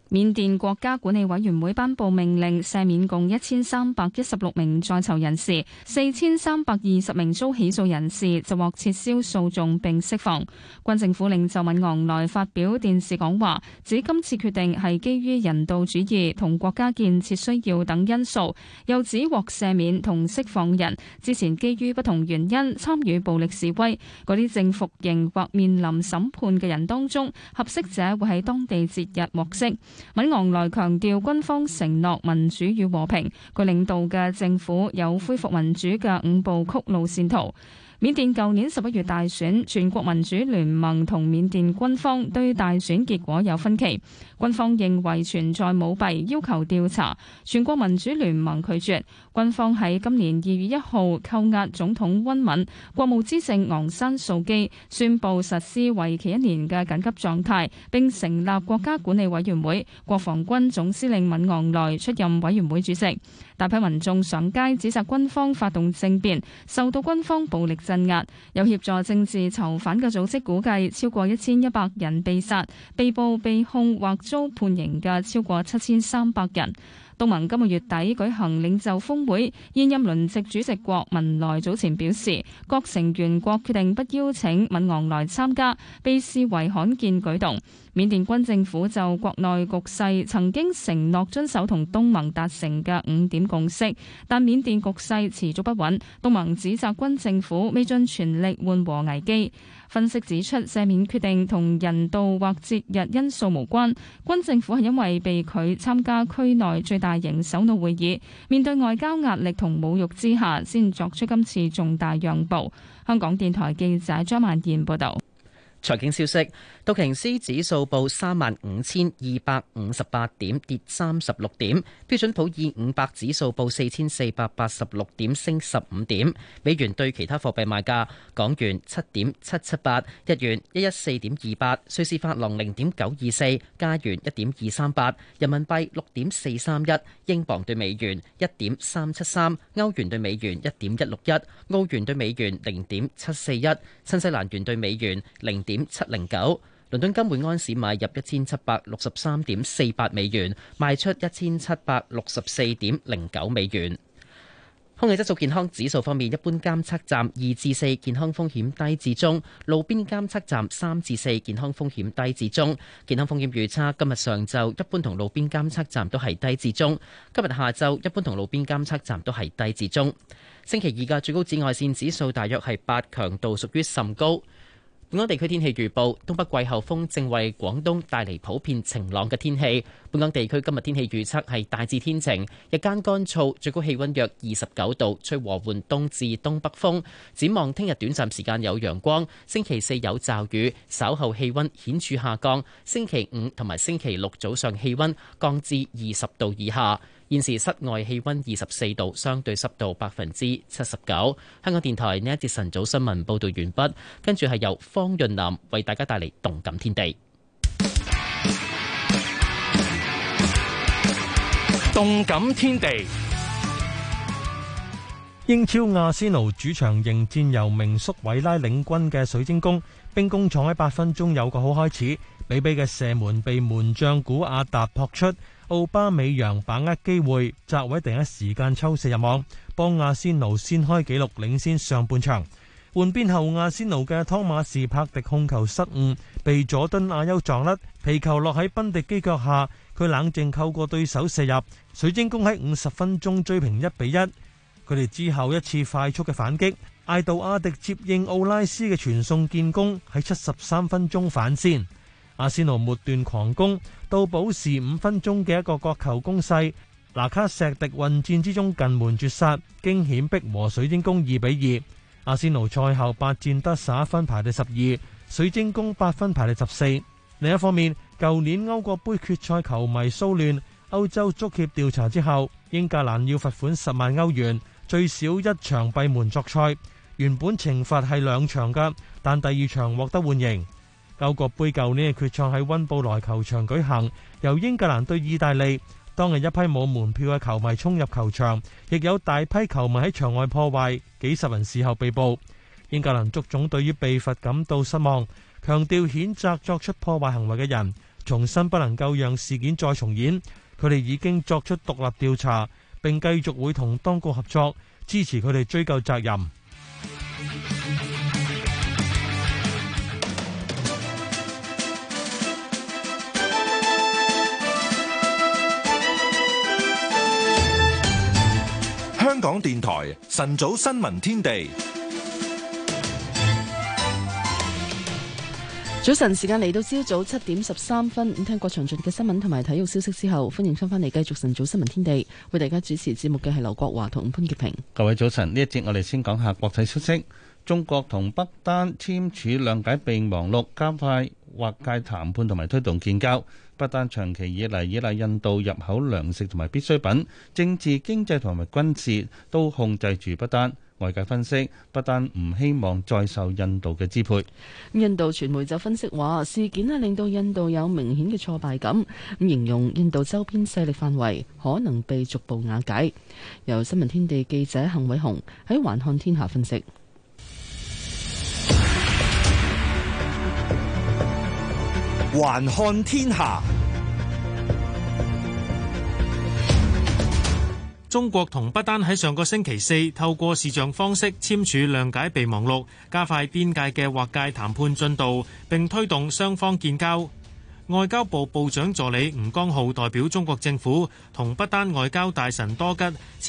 緬甸國家管理委員會頒布命令，赦免共一千三百一十六名在囚人士，四千三百二十名遭起訴人士就獲撤銷訴訟並釋放。軍政府令就敏昂萊發表電視講話，指今次決定係基於人道主義同國家建設需要等因素，又指獲赦免同釋放人之前，基於不同原因參與暴力示威嗰啲正服刑或面臨審判嘅人當中，合適者會喺當地節日獲釋。敏昂萊強調軍方承諾民主與和平，佢領導嘅政府有恢復民主嘅五步曲路線圖。緬甸舊年十一月大選，全國民主聯盟同緬甸軍方對大選結果有分歧。軍方認為存在舞弊，要求調查，全國民主聯盟拒絕。軍方喺今年二月一號扣押總統溫敏、國務資政昂山素基，宣佈實施為期一年嘅緊急狀態，並成立國家管理委員會，國防軍總司令敏昂萊出任委員會主席。大批民眾上街指責軍方發動政變，受到軍方暴力鎮壓。有協助政治囚犯嘅組織估計，超過一千一百人被殺、被捕、被控或遭判刑嘅超過七千三百人。東盟今個月底舉行領袖峰會，現任輪值主席國文萊早前表示，各成員國決定不邀請敏昂萊參加，被視為罕見舉動。緬甸軍政府就國內局勢曾經承諾遵守同東盟達成嘅五點共識，但緬甸局勢持續不穩，東盟指責軍政府未盡全力緩和危機。分析指出，赦免決定同人道或節日因素無關，軍政府係因為被拒參加區內最大型首腦會議，面對外交壓力同侮辱之下，先作出今次重大讓步。香港電台記者張萬燕報道。財經消息。道瓊斯指數報三萬五千二百五十八點，跌三十六點。標準普爾五百指數報四千四百八十六點，升十五點。美元對其他貨幣賣價：港元七點七七八，日元一一四點二八，瑞士法郎零點九二四，加元一點二三八，人民幣六點四三一，英鎊對美元一點三七三，歐元對美元一點一六一，澳元對美元零點七四一，新西蘭元對美元零點七零九。倫敦金每安士買入一千七百六十三點四八美元，賣出一千七百六十四點零九美元。空氣質素健康指數方面，一般監測站二至四，健康風險低至中；路邊監測站三至四，健康風險低至中。健康風險預測今日上晝一般同路邊監測站都係低至中，今日下晝一般同路邊監測站都係低至中。星期二嘅最高紫外線指數大約係八，強度屬於甚高。本港地區天氣預報：東北季候風正為廣東帶嚟普遍晴朗嘅天氣。本港地區今日天氣預測係大致天晴，日間乾燥，最高氣温約二十九度，吹和緩東至東北風。展望聽日短暫時間有陽光，星期四有驟雨，稍後氣温顯著下降。星期五同埋星期六早上氣温降至二十度以下。現時室外氣温二十四度，相對濕度百分之七十九。香港電台呢一節晨早新聞報道完畢，跟住係由方潤南為大家帶嚟動感天地。動感天地，英超阿仙奴主場迎戰由名宿韋拉領軍嘅水晶宮，兵工廠喺八分鐘有個好開始，比比嘅射門被門將古阿達撲出。奧巴美揚把握機會，擇位第一時間抽射入網，幫阿仙奴先開紀錄，領先上半場。換邊後，阿仙奴嘅湯馬士柏迪控球失誤，被佐敦阿優撞甩，皮球落喺賓迪基腳下，佢冷靜扣過對手射入，水晶宮喺五十分鐘追平一比一。佢哋之後一次快速嘅反擊，艾杜阿迪接應奧拉斯嘅傳送建功，喺七十三分鐘反先。阿仙奴末段狂攻，到補時五分鐘嘅一個角球攻勢，拿卡石迪混戰之中近門絕殺，驚險逼和水晶宮二比二。阿仙奴賽後八戰得十一分排第十二，水晶宮八分排第十四。另一方面，舊年歐國杯決賽球迷騷亂，歐洲足協調查之後，英格蘭要罰款十萬歐元，最少一場閉門作賽。原本懲罰係兩場噶，但第二場獲得緩刑。歐國杯舊年嘅決賽喺溫布萊球場舉行，由英格蘭對意大利。當日一批冇門票嘅球迷衝入球場，亦有大批球迷喺場外破壞，幾十人事後被捕。英格蘭足總對於被罰感到失望，強調譴責作出破壞行為嘅人，重申不能夠讓事件再重演。佢哋已經作出獨立調查，並繼續會同當局合作，支持佢哋追究責任。香港電台晨早新聞天地，早晨時間嚟到朝早七點十三分，聽過詳盡嘅新聞同埋體育消息之後，歡迎翻翻嚟繼續晨早新聞天地，為大家主持節目嘅係劉國華同潘潔平。各位早晨，呢一節我哋先講下國際消息，中國同不丹簽署諒解備忘錄，加快劃界談判同埋推動建交。不丹長期以嚟依賴印度入口糧食同埋必需品，政治、經濟同埋軍事都控制住不丹。外界分析，不丹唔希望再受印度嘅支配。印度傳媒就分析話，事件啊令到印度有明顯嘅挫敗感，咁形容印度周邊勢力範圍可能被逐步瓦解。由新聞天地記者幸偉雄喺環看天下分析。還看天下。中國同不丹喺上個星期四透過視像方式簽署諒解備忘錄，加快邊界嘅劃界談判進度，並推動雙方建交。外交部部長助理吳江浩代表中國政府同不丹外交大臣多吉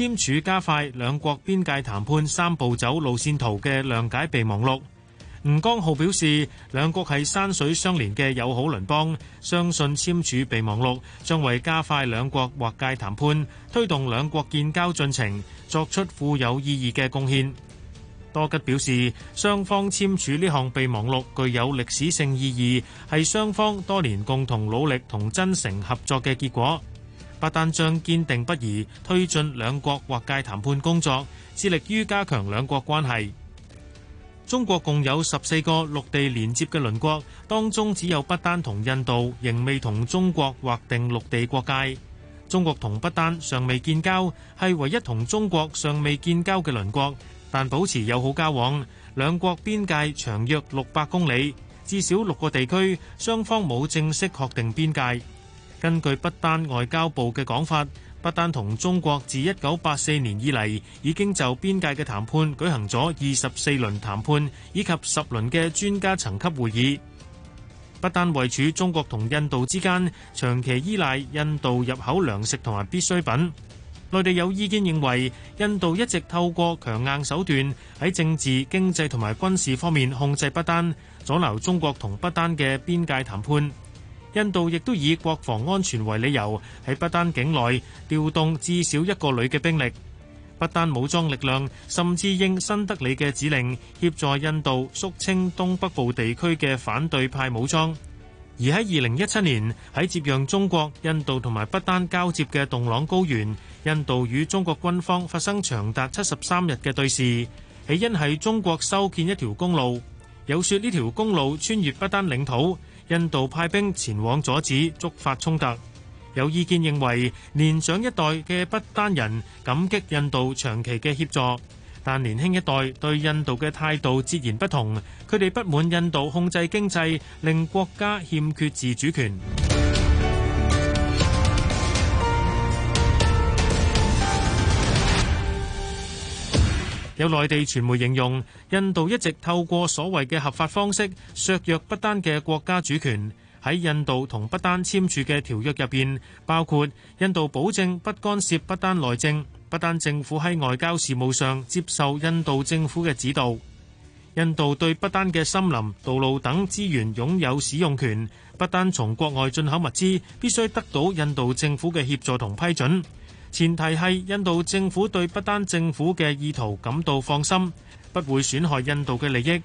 簽署加快兩國邊界談判三步走路線圖嘅諒解備忘錄。吳江浩表示，兩國係山水相連嘅友好鄰邦，相信簽署備忘錄將為加快兩國劃界談判、推動兩國建交進程作出富有意義嘅貢獻。多吉表示，雙方簽署呢項備忘錄具有歷史性意義，係雙方多年共同努力同真誠合作嘅結果，不但將堅定不移推進兩國劃界談判工作，致力於加強兩國關係。中國共有十四個陸地連接嘅鄰國，當中只有不丹同印度仍未同中國劃定陸地國界。中國同不丹尚未建交，係唯一同中國尚未建交嘅鄰國，但保持友好交往。兩國邊界長約六百公里，至少六個地區，雙方冇正式確定邊界。根據不丹外交部嘅講法。不丹同中國自一九八四年以嚟，已經就邊界嘅談判舉行咗二十四輪談判，以及十輪嘅專家層級會議。不丹位處中國同印度之間，長期依賴印度入口糧食同埋必需品。內地有意見認為，印度一直透過強硬手段喺政治、經濟同埋軍事方面控制不丹，阻撓中國同不丹嘅邊界談判。印度亦都以國防安全為理由，喺不丹境內調動至少一個旅嘅兵力。不丹武裝力量甚至應新德里嘅指令協助印度肅清東北部地區嘅反對派武裝。而喺二零一七年，喺接壤中國、印度同埋不丹交接嘅洞朗高原，印度與中國軍方發生長達七十三日嘅對峙，起因係中國修建一條公路。有說呢條公路穿越不丹領土。印度派兵前往阻止，觸發衝突。有意見認為，年長一代嘅不丹人感激印度長期嘅協助，但年輕一代對印度嘅態度截然不同。佢哋不滿印度控制經濟，令國家欠缺自主權。有內地傳媒形容，印度一直透過所謂嘅合法方式削弱不丹嘅國家主權。喺印度同不丹簽署嘅條約入邊，包括印度保證不干涉不丹內政，不丹政府喺外交事務上接受印度政府嘅指導。印度對不丹嘅森林、道路等資源擁有使用權，不丹從國外進口物資必須得到印度政府嘅協助同批准。前提係印度政府對不丹政府嘅意圖感到放心，不會損害印度嘅利益。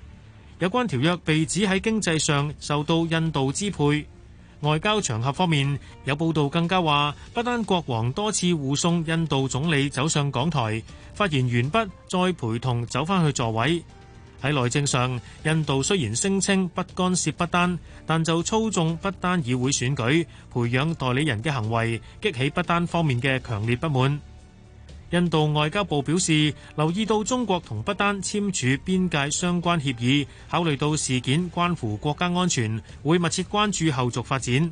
有關條約被指喺經濟上受到印度支配。外交場合方面，有報道更加話，不丹國王多次護送印度總理走上講台，發言完畢再陪同走返去座位。喺內政上，印度雖然聲稱不干涉不丹，但就操縱不丹議會選舉、培養代理人嘅行為，激起不丹方面嘅強烈不滿。印度外交部表示，留意到中國同不丹簽署邊界相關協議，考慮到事件關乎國家安全，會密切關注後續發展。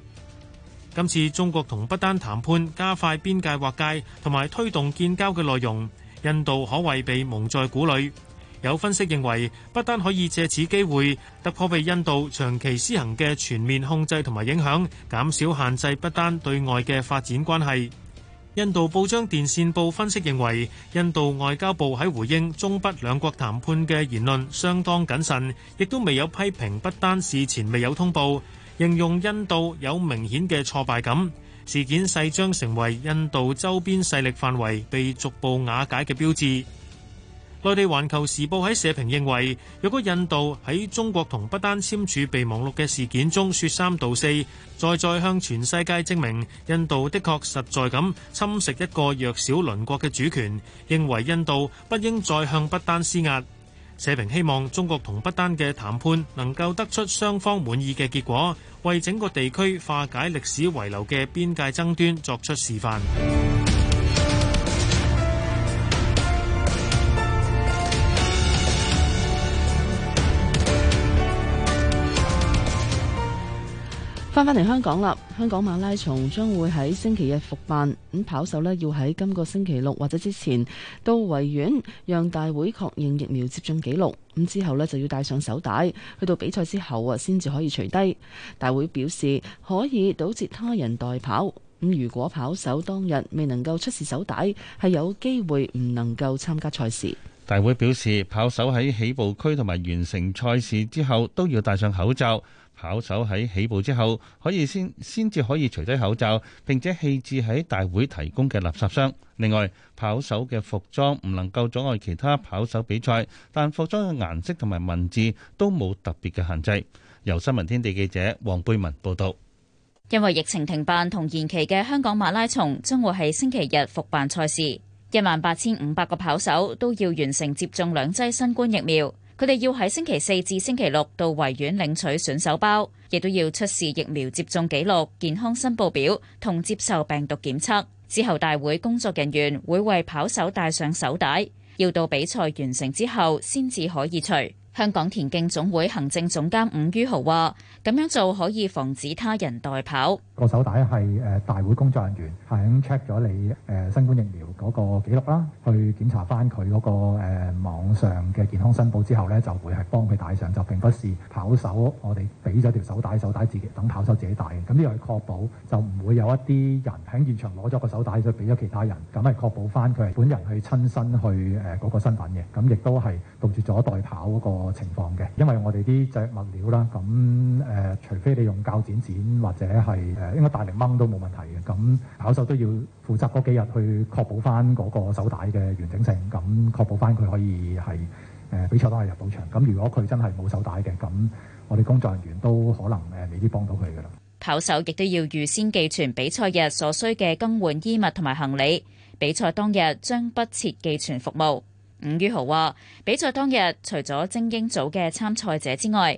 今次中國同不丹談判加快邊界劃界，同埋推動建交嘅內容，印度可謂被蒙在鼓裏。有分析認為，不單可以借此機會突破被印度長期施行嘅全面控制同埋影響，減少限制不丹對外嘅發展關係。印度報章電線報分析認為，印度外交部喺回應中不兩國談判嘅言論相當謹慎，亦都未有批評不丹事前未有通報，形容印度有明顯嘅挫敗感。事件勢將成為印度周邊勢力範圍被逐步瓦解嘅標誌。內地《環球時報》喺社評認為，若果印度喺中國同不丹簽署備忘錄嘅事件中說三道四，再再向全世界證明印度的確實在咁侵蝕一個弱小鄰國嘅主權，認為印度不應再向不丹施壓。社評希望中國同不丹嘅談判能夠得出雙方滿意嘅結果，為整個地區化解歷史遺留嘅邊界爭端作出示範。翻返嚟香港啦！香港馬拉松將會喺星期日復辦，咁跑手呢要喺今個星期六或者之前到維園，讓大會確認疫苗接種記錄。咁之後呢，就要戴上手帶，去到比賽之後啊先至可以除低。大會表示可以杜絕他人代跑。咁如果跑手當日未能夠出示手帶，係有機會唔能夠參加賽事。大會表示跑手喺起步區同埋完成賽事之後都要戴上口罩。跑手喺起步之後，可以先先至可以除低口罩，並且棄置喺大會提供嘅垃圾箱。另外，跑手嘅服裝唔能夠阻礙其他跑手比賽，但服裝嘅顏色同埋文字都冇特別嘅限制。由新聞天地記者黃貝文報道。因為疫情停辦同延期嘅香港馬拉松將會喺星期日復辦賽事，一萬八千五百個跑手都要完成接種兩劑新冠疫苗。佢哋要喺星期四至星期六到維園領取選手包，亦都要出示疫苗接種記錄、健康申報表同接受病毒檢測。之後，大會工作人員會為跑手戴上手帶，要到比賽完成之後先至可以除。香港田徑總會行政總監伍於豪話。咁樣做可以防止他人代跑。個手帶係誒大會工作人員喺 check 咗你誒新冠疫苗嗰個記錄啦，去檢查翻佢嗰個誒網上嘅健康申報之後咧，就會係幫佢戴上，就並不是跑手我哋俾咗條手帶，手帶自己等跑手自己戴嘅。咁呢個係確保就唔會有一啲人喺現場攞咗個手帶就俾咗其他人，咁係確保翻佢係本人去親身去誒嗰個身份嘅。咁亦都係杜絕咗代跑嗰個情況嘅，因為我哋啲製物料啦咁。誒、呃，除非你用鉸剪剪或者係誒、呃，應該大力掹都冇問題嘅。咁、嗯、跑手都要負責嗰幾日去確保翻嗰個手帶嘅完整性，咁、嗯、確保翻佢可以係誒、呃、比賽都係入到場，咁、嗯、如果佢真係冇手帶嘅，咁、嗯、我哋工作人員都可能誒未必幫到佢噶啦。跑手亦都要預先寄存比賽日所需嘅更換衣物同埋行李，比賽當日將不設寄存服務。伍於豪話，比賽當日除咗精英組嘅參賽者之外，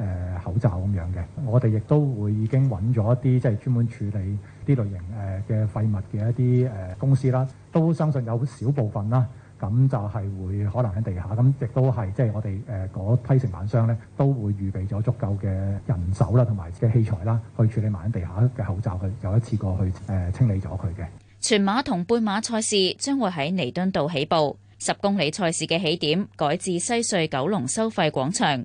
誒口罩咁樣嘅，我哋亦都會已經揾咗一啲即係專門處理啲類型誒嘅廢物嘅一啲誒公司啦，都相信有少部分啦，咁就係會可能喺地下，咁亦都係即係我哋誒嗰批承辦商呢，都會預備咗足夠嘅人手啦，同埋嘅器材啦，去處理埋喺地下嘅口罩，去有一次過去誒清理咗佢嘅。全馬同半馬賽事將會喺彌敦道起步，十公里賽事嘅起點改至西隧九龍收費廣場。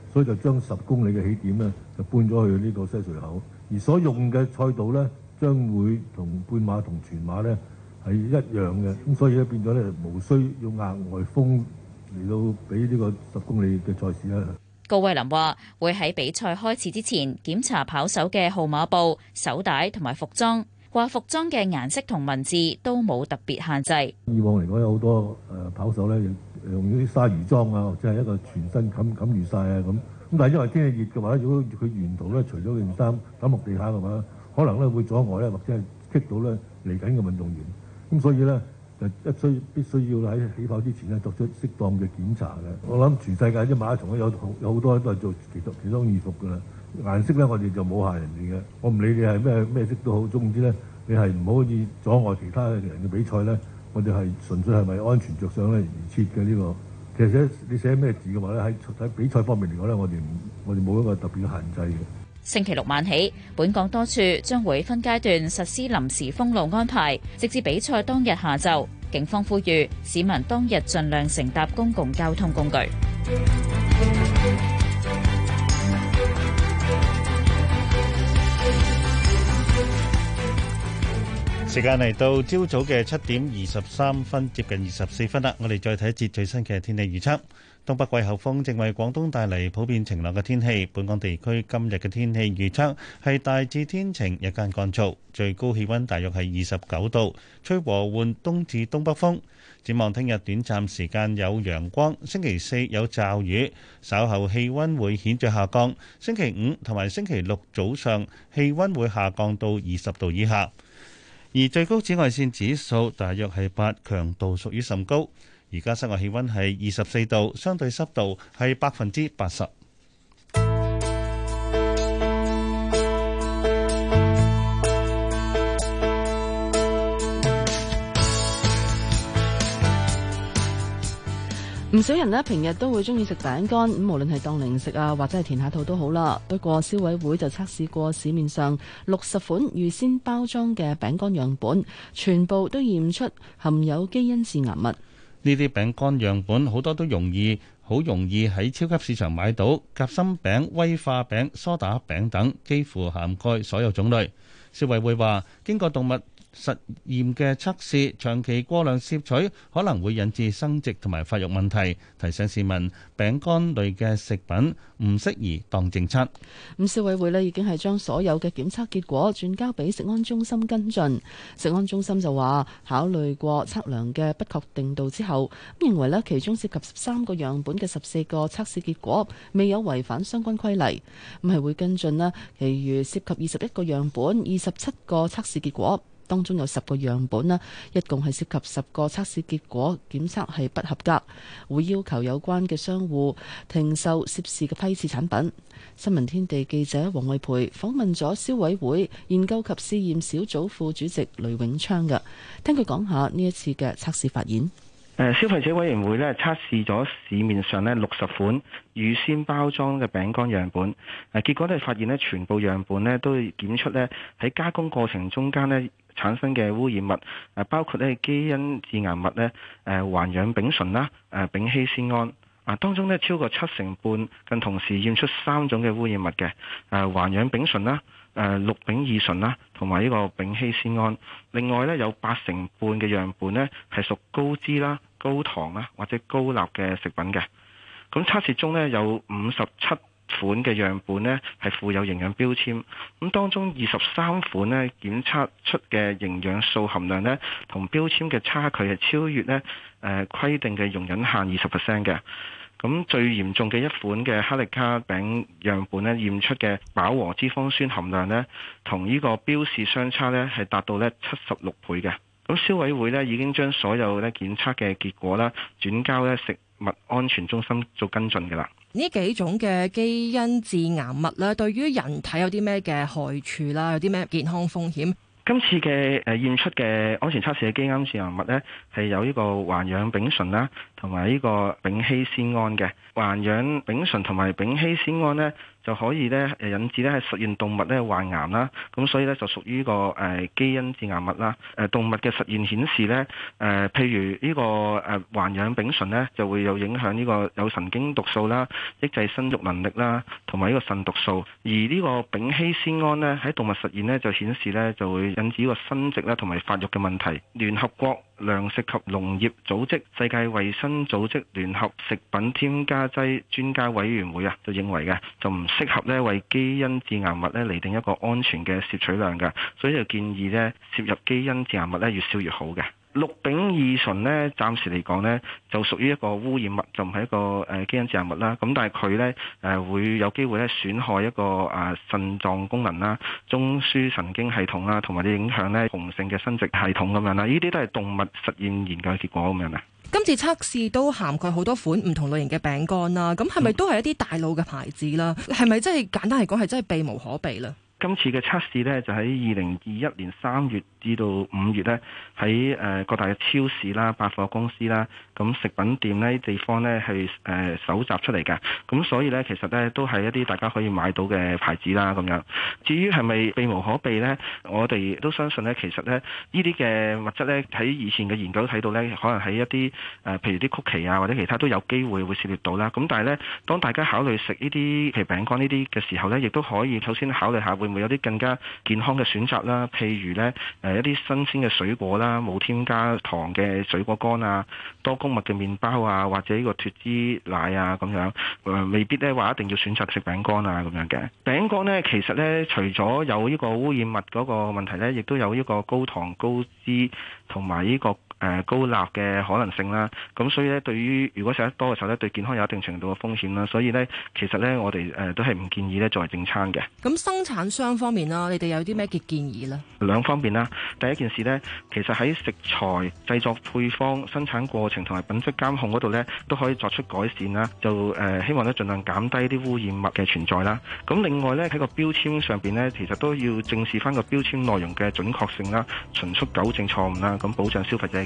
所以就將十公里嘅起點咧，就搬咗去呢個西隧口，而所用嘅賽道咧，將會同半馬同全馬咧係一樣嘅，咁所以咧變咗咧無需要用額外封嚟到俾呢個十公里嘅賽事啦。高慧林話，會喺比賽開始之前檢查跑手嘅號碼布、手帶同埋服裝，話服裝嘅顏色同文字都冇特別限制。以往嚟講有好多誒跑手咧。用啲鯊魚裝啊，或者係一個全身冚冚住曬啊咁。咁但係因為天氣熱嘅話，如果佢沿途咧除咗件衫，抌落地下嘅話，可能咧會阻礙咧或者係棘到咧嚟緊嘅運動員。咁所以咧就一需必須要喺起跑之前咧作出適當嘅檢查嘅。我諗全世界啲馬拉松咧有好有好多都係做其裝全裝衣服嘅啦。顏色咧我哋就冇限人哋嘅。我唔理你係咩咩色都好，總之咧你係唔可以阻礙其他嘅人嘅比賽咧。我哋係純粹係為安全着想咧而設嘅呢個，其實寫你寫咩字嘅話咧，喺喺比賽方面嚟講咧，我哋我哋冇一個特別嘅限制嘅。星期六晚起，本港多處將會分階段實施臨時封路安排，直至比賽當日下晝。警方呼籲市民當日盡量乘搭公共交通工具。時間嚟到朝早嘅七點二十三分，接近二十四分啦。我哋再睇一節最新嘅天氣預測。東北季候風正為廣東帶嚟普遍晴朗嘅天氣。本港地區今日嘅天氣預測係大致天晴，日間乾燥，最高氣溫大約係二十九度，吹和緩東至東北風。展望聽日短暫時間有陽光，星期四有驟雨，稍後氣溫會顯著下降。星期五同埋星期六早上氣溫會下降到二十度以下。而最高紫外線指數大約係八，強度屬於甚高。而家室外氣温係二十四度，相對濕度係百分之八十。唔少人呢，平日都會中意食餅乾，咁無論係當零食啊，或者係填下肚都好啦。不過消委會就測試過市面上六十款預先包裝嘅餅乾樣本，全部都驗出含有基因致癌物。呢啲餅乾樣本好多都容易，好容易喺超級市場買到夾心餅、威化餅、梳打餅等，幾乎涵蓋所有種類。消委會話，經過動物實驗嘅測試，長期過量攝取可能會引致生殖同埋發育問題。提醒市民，餅乾類嘅食品唔適宜當正測咁。消委會呢已經係將所有嘅檢測結果轉交俾食安中心跟進。食安中心就話，考慮過測量嘅不確定度之後，咁認為呢其中涉及十三個樣本嘅十四個測試結果未有違反相關規例，咁係會跟進啦。其餘涉及二十一個樣本，二十七個測試結果。當中有十個樣本啦，一共係涉及十個測試結果檢測係不合格，會要求有關嘅商戶停售涉事嘅批次產品。新聞天地記者黃慧培訪問咗消委會研究及試驗小組副主席雷永昌嘅，聽佢講下呢一次嘅測試發現。誒，消費者委員會咧測試咗市面上咧六十款預先包裝嘅餅乾樣本，誒，結果咧發現咧全部樣本咧都檢出咧喺加工過程中間咧。產生嘅污染物，誒包括咧基因致癌物咧，誒環氧丙醇啦，誒、呃、丙烯酰胺，啊當中咧超過七成半，更同時驗出三種嘅污染物嘅，誒環氧丙醇啦，誒、呃、氯丙二醇啦，同埋呢個丙烯酰胺。另外咧有八成半嘅樣本咧係屬高脂啦、高糖啊或者高鈉嘅食品嘅。咁測試中呢，有五十七款嘅樣本呢係附有營養標籤，咁當中二十三款咧檢測出嘅營養素含量呢，同標籤嘅差距係超越咧誒、呃、規定嘅容忍限二十 percent 嘅。咁最嚴重嘅一款嘅哈利卡餅樣本咧，驗出嘅飽和脂肪酸含量呢，同呢個標示相差呢係達到呢七十六倍嘅。咁消委會咧已經將所有咧檢測嘅結果啦，轉交咧食物安全中心做跟進噶啦。呢幾種嘅基因致癌物咧，對於人體有啲咩嘅害處啦？有啲咩健康風險？今次嘅誒驗出嘅安全測試嘅基因致癌物咧，係有呢個環氧丙醇啦，同埋呢個丙烯酰胺嘅環氧丙醇同埋丙烯酰胺咧，就可以咧誒引致咧喺實驗動物咧患癌啦，咁所以咧就屬於個誒基因致癌物啦。誒動物嘅實驗顯示咧，誒、呃、譬如呢個誒環氧丙醇咧就會有影響呢個有神經毒素啦、抑制生育能力啦，同埋呢個腎毒素。而呢個丙烯酰胺咧喺動物實驗咧就顯示咧就會引致個生殖咧同埋發育嘅問題。聯合國糧食及農業組織、世界衛生組織聯合食品添加劑專家委員會啊，就認為嘅就唔適合咧為基因致癌物咧釐定一個安全嘅攝取量嘅，所以就建議咧攝入基因致癌物咧越少越好嘅。氯丙二醇咧，暫時嚟講咧就屬於一個污染物，就唔係一個誒基因致癌物啦。咁但係佢咧誒會有機會咧損害一個啊腎臟功能啦、中樞神經系統啦，同埋啲影響咧雄性嘅生殖系統咁樣啦。呢啲都係動物實驗研究嘅結果咁樣啦。是今次測試都涵蓋好多款唔同類型嘅餅乾啦，咁係咪都係一啲大佬嘅牌子啦？係咪真係簡單嚟講係真係避無可避啦？今次嘅測試呢，就喺二零二一年三月。至到五月呢，喺誒各大嘅超市啦、百貨公司啦、咁、啊、食品店呢地方呢，係誒搜集出嚟嘅，咁、啊、所以呢，其實呢都係一啲大家可以買到嘅牌子啦咁樣。至於係咪避無可避呢？我哋都相信呢，其實呢，呢啲嘅物質呢，喺以前嘅研究睇到呢，可能喺一啲誒、呃、譬如啲曲奇啊或者其他都有機會會涉獵到啦。咁、啊、但係呢，當大家考慮食呢啲譬如餅乾呢啲嘅時候呢，亦都可以首先考慮下會唔會有啲更加健康嘅選擇啦，譬如呢。誒、呃。一啲新鮮嘅水果啦，冇添加糖嘅水果乾啊，多穀物嘅麵包啊，或者呢個脫脂奶啊咁樣，誒未必咧話一定要選擇食餅乾啊咁樣嘅。餅乾呢，其實呢，除咗有呢個污染物嗰個問題呢，亦都有呢個高糖高脂同埋呢個。誒、呃、高鈉嘅可能性啦，咁、啊、所以咧，對於如果食得多嘅時候咧，對健康有一定程度嘅風險啦，所以咧，其實咧，我哋誒、呃、都係唔建議咧作為正餐嘅。咁生產商方面啦，你哋有啲咩嘅建議呢？兩方面啦，第一件事呢，其實喺食材製作配方、生產過程同埋品質監控嗰度呢，都可以作出改善啦。就誒、呃，希望咧盡量減低啲污染物嘅存在啦。咁、啊、另外呢，喺個標籤上邊呢，其實都要正視翻個標籤內容嘅準確性啦，迅速糾正錯誤啦，咁保障消費者。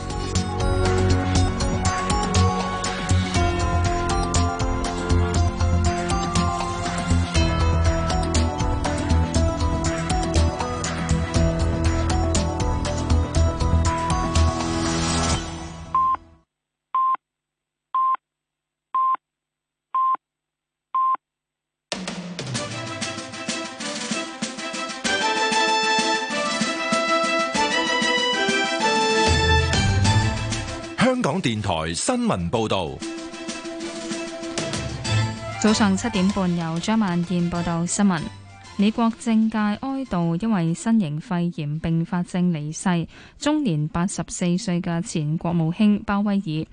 電台新聞報道，早上七點半由張萬燕報道新聞。美國政界哀悼因為新型肺炎併發症離世，終年八十四歲嘅前國務卿鮑威爾。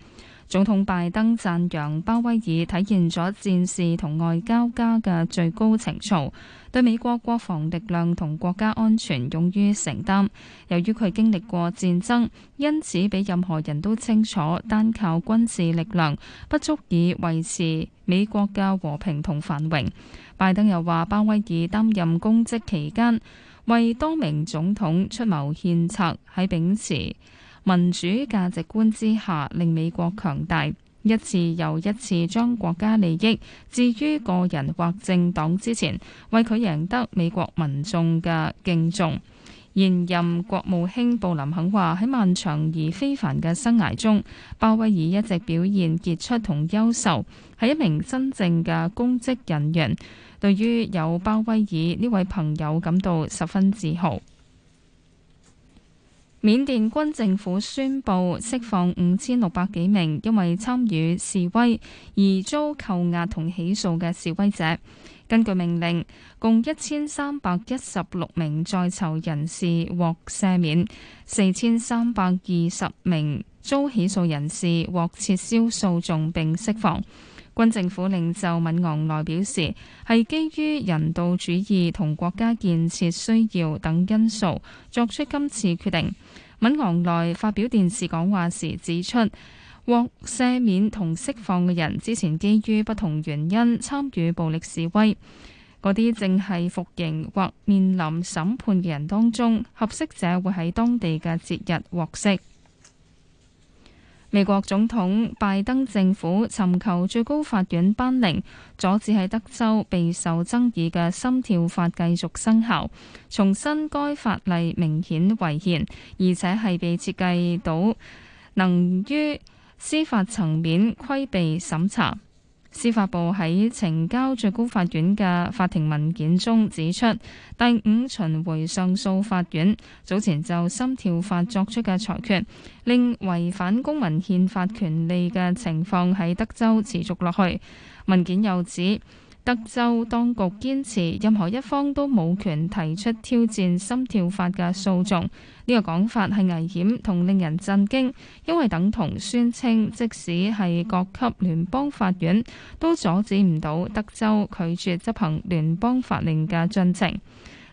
總統拜登讚揚鮑威爾體現咗戰士同外交家嘅最高情操，對美國國防力量同國家安全勇於承擔。由於佢經歷過戰爭，因此比任何人都清楚，單靠軍事力量不足以維持美國嘅和平同繁榮。拜登又話：鮑威爾擔任公職期間，為多名總統出謀獻策，喺秉持民主價值觀之下，令美國強大。一次又一次將國家利益置於個人或政黨之前，為佢贏得美國民眾嘅敬重。現任國務卿布林肯話：喺漫長而非凡嘅生涯中，鮑威爾一直表現傑出同優秀，係一名真正嘅公職人員。對於有鮑威爾呢位朋友，感到十分自豪。緬甸軍政府宣布釋放五千六百幾名因為參與示威而遭扣押同起訴嘅示威者。根據命令，共一千三百一十六名在囚人士獲赦免，四千三百二十名遭起訴人士獲撤銷訴訟並釋放。軍政府領袖敏昂萊表示，係基於人道主義同國家建設需要等因素作出今次決定。敏昂萊發表電視講話時指出，獲赦免同釋放嘅人之前基於不同原因參與暴力示威，嗰啲正係服刑或面臨審判嘅人當中，合適者會喺當地嘅節日獲釋。美國總統拜登政府尋求最高法院頒令，阻止喺德州備受爭議嘅心跳法繼續生效，重申該法例明顯違憲，而且係被設計到能於司法層面規避審查。司法部喺呈交最高法院嘅法庭文件中指出，第五巡回上訴法院早前就心跳法作出嘅裁決，令違反公民憲法權利嘅情況喺德州持續落去。文件又指，德州當局堅持任何一方都冇權提出挑戰心跳法嘅訴訟，呢個講法係危險同令人震驚，因為等同宣稱即使係各級聯邦法院都阻止唔到德州拒絕執行聯邦法令嘅進程。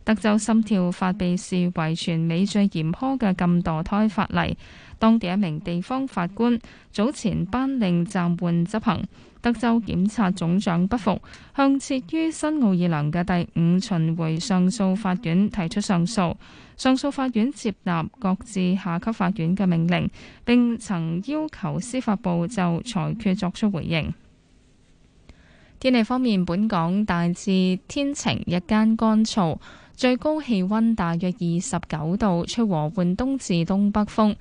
德州心跳法被視為全美最嚴苛嘅禁墮胎法例，當地一名地方法官早前頒令暫緩執行。德州檢察總長不服，向設於新奧爾良嘅第五巡迴上訴法院提出上訴。上訴法院接納各自下級法院嘅命令，並曾要求司法部就裁決作出回應。天氣方面，本港大致天晴，日間乾燥，最高氣溫大約二十九度，吹和緩東至東北風。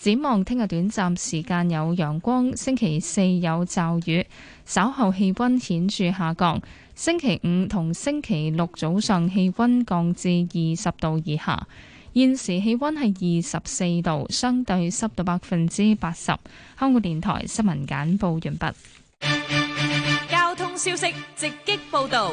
展望聽日短暫時間有陽光，星期四有驟雨，稍後氣溫顯著下降。星期五同星期六早上氣溫降至二十度以下。現時氣溫係二十四度，相對濕度百分之八十。香港電台新聞簡報完畢。交通消息直擊報導。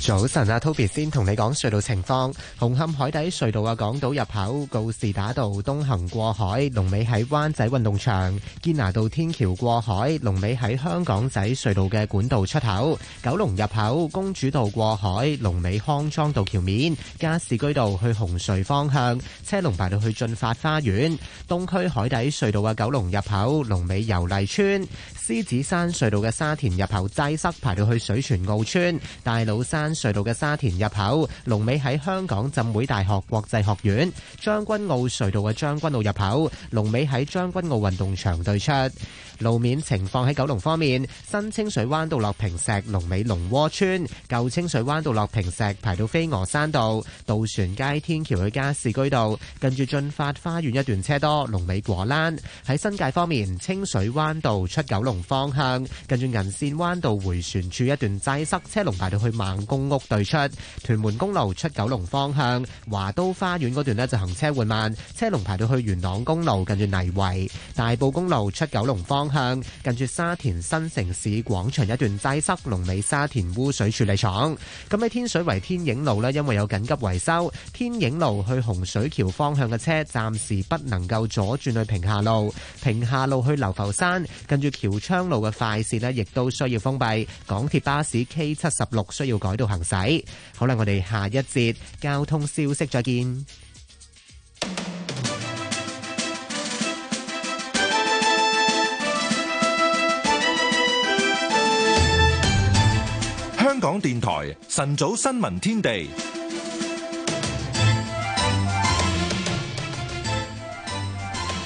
早晨啊，Toby 先同你講隧道情況。紅磡海底隧道嘅港島入口告士打道東行過海，龍尾喺灣仔運動場；堅拿道天橋過海，龍尾喺香港仔隧道嘅管道出口。九龍入口公主道過海，龍尾康莊道橋面；加士居道去紅隧方向，車龍排到去駿發花園。東區海底隧道嘅九龍入口，龍尾油麗邨。獅子山隧道嘅沙田入口擠塞，排到去水泉澳村；大老山隧道嘅沙田入口，龍尾喺香港浸會大學國際學院；將軍澳隧道嘅將軍澳入口，龍尾喺將軍澳運動場對出。路面情況喺九龍方面，新清水灣道落坪石龍尾龍窩村，舊清水灣道落坪石排到飛鵝山道，渡船街天橋去加士居道，跟住駿發花園一段車多，龍尾果欄。喺新界方面，清水灣道出九龍方向，近住銀線灣道回旋處一段擠塞，車龍排到去孟公屋對出；屯門公路出九龍方向，華都花園嗰段咧就行車緩慢，車龍排到去元朗公路近住泥圍；大埔公路出九龍方向，近住沙田新城市廣場一段擠塞，龍尾沙田污水處理廠。咁喺天水圍天影路咧，因為有緊急維修，天影路去洪水橋方向嘅車暫時不能夠左轉去平下路，平下路去流浮山，近住橋。香路嘅快綫咧，亦都需要封閉。港鐵巴士 K 七十六需要改道行駛。好啦，我哋下一節交通消息再見。香港電台晨早新聞天地。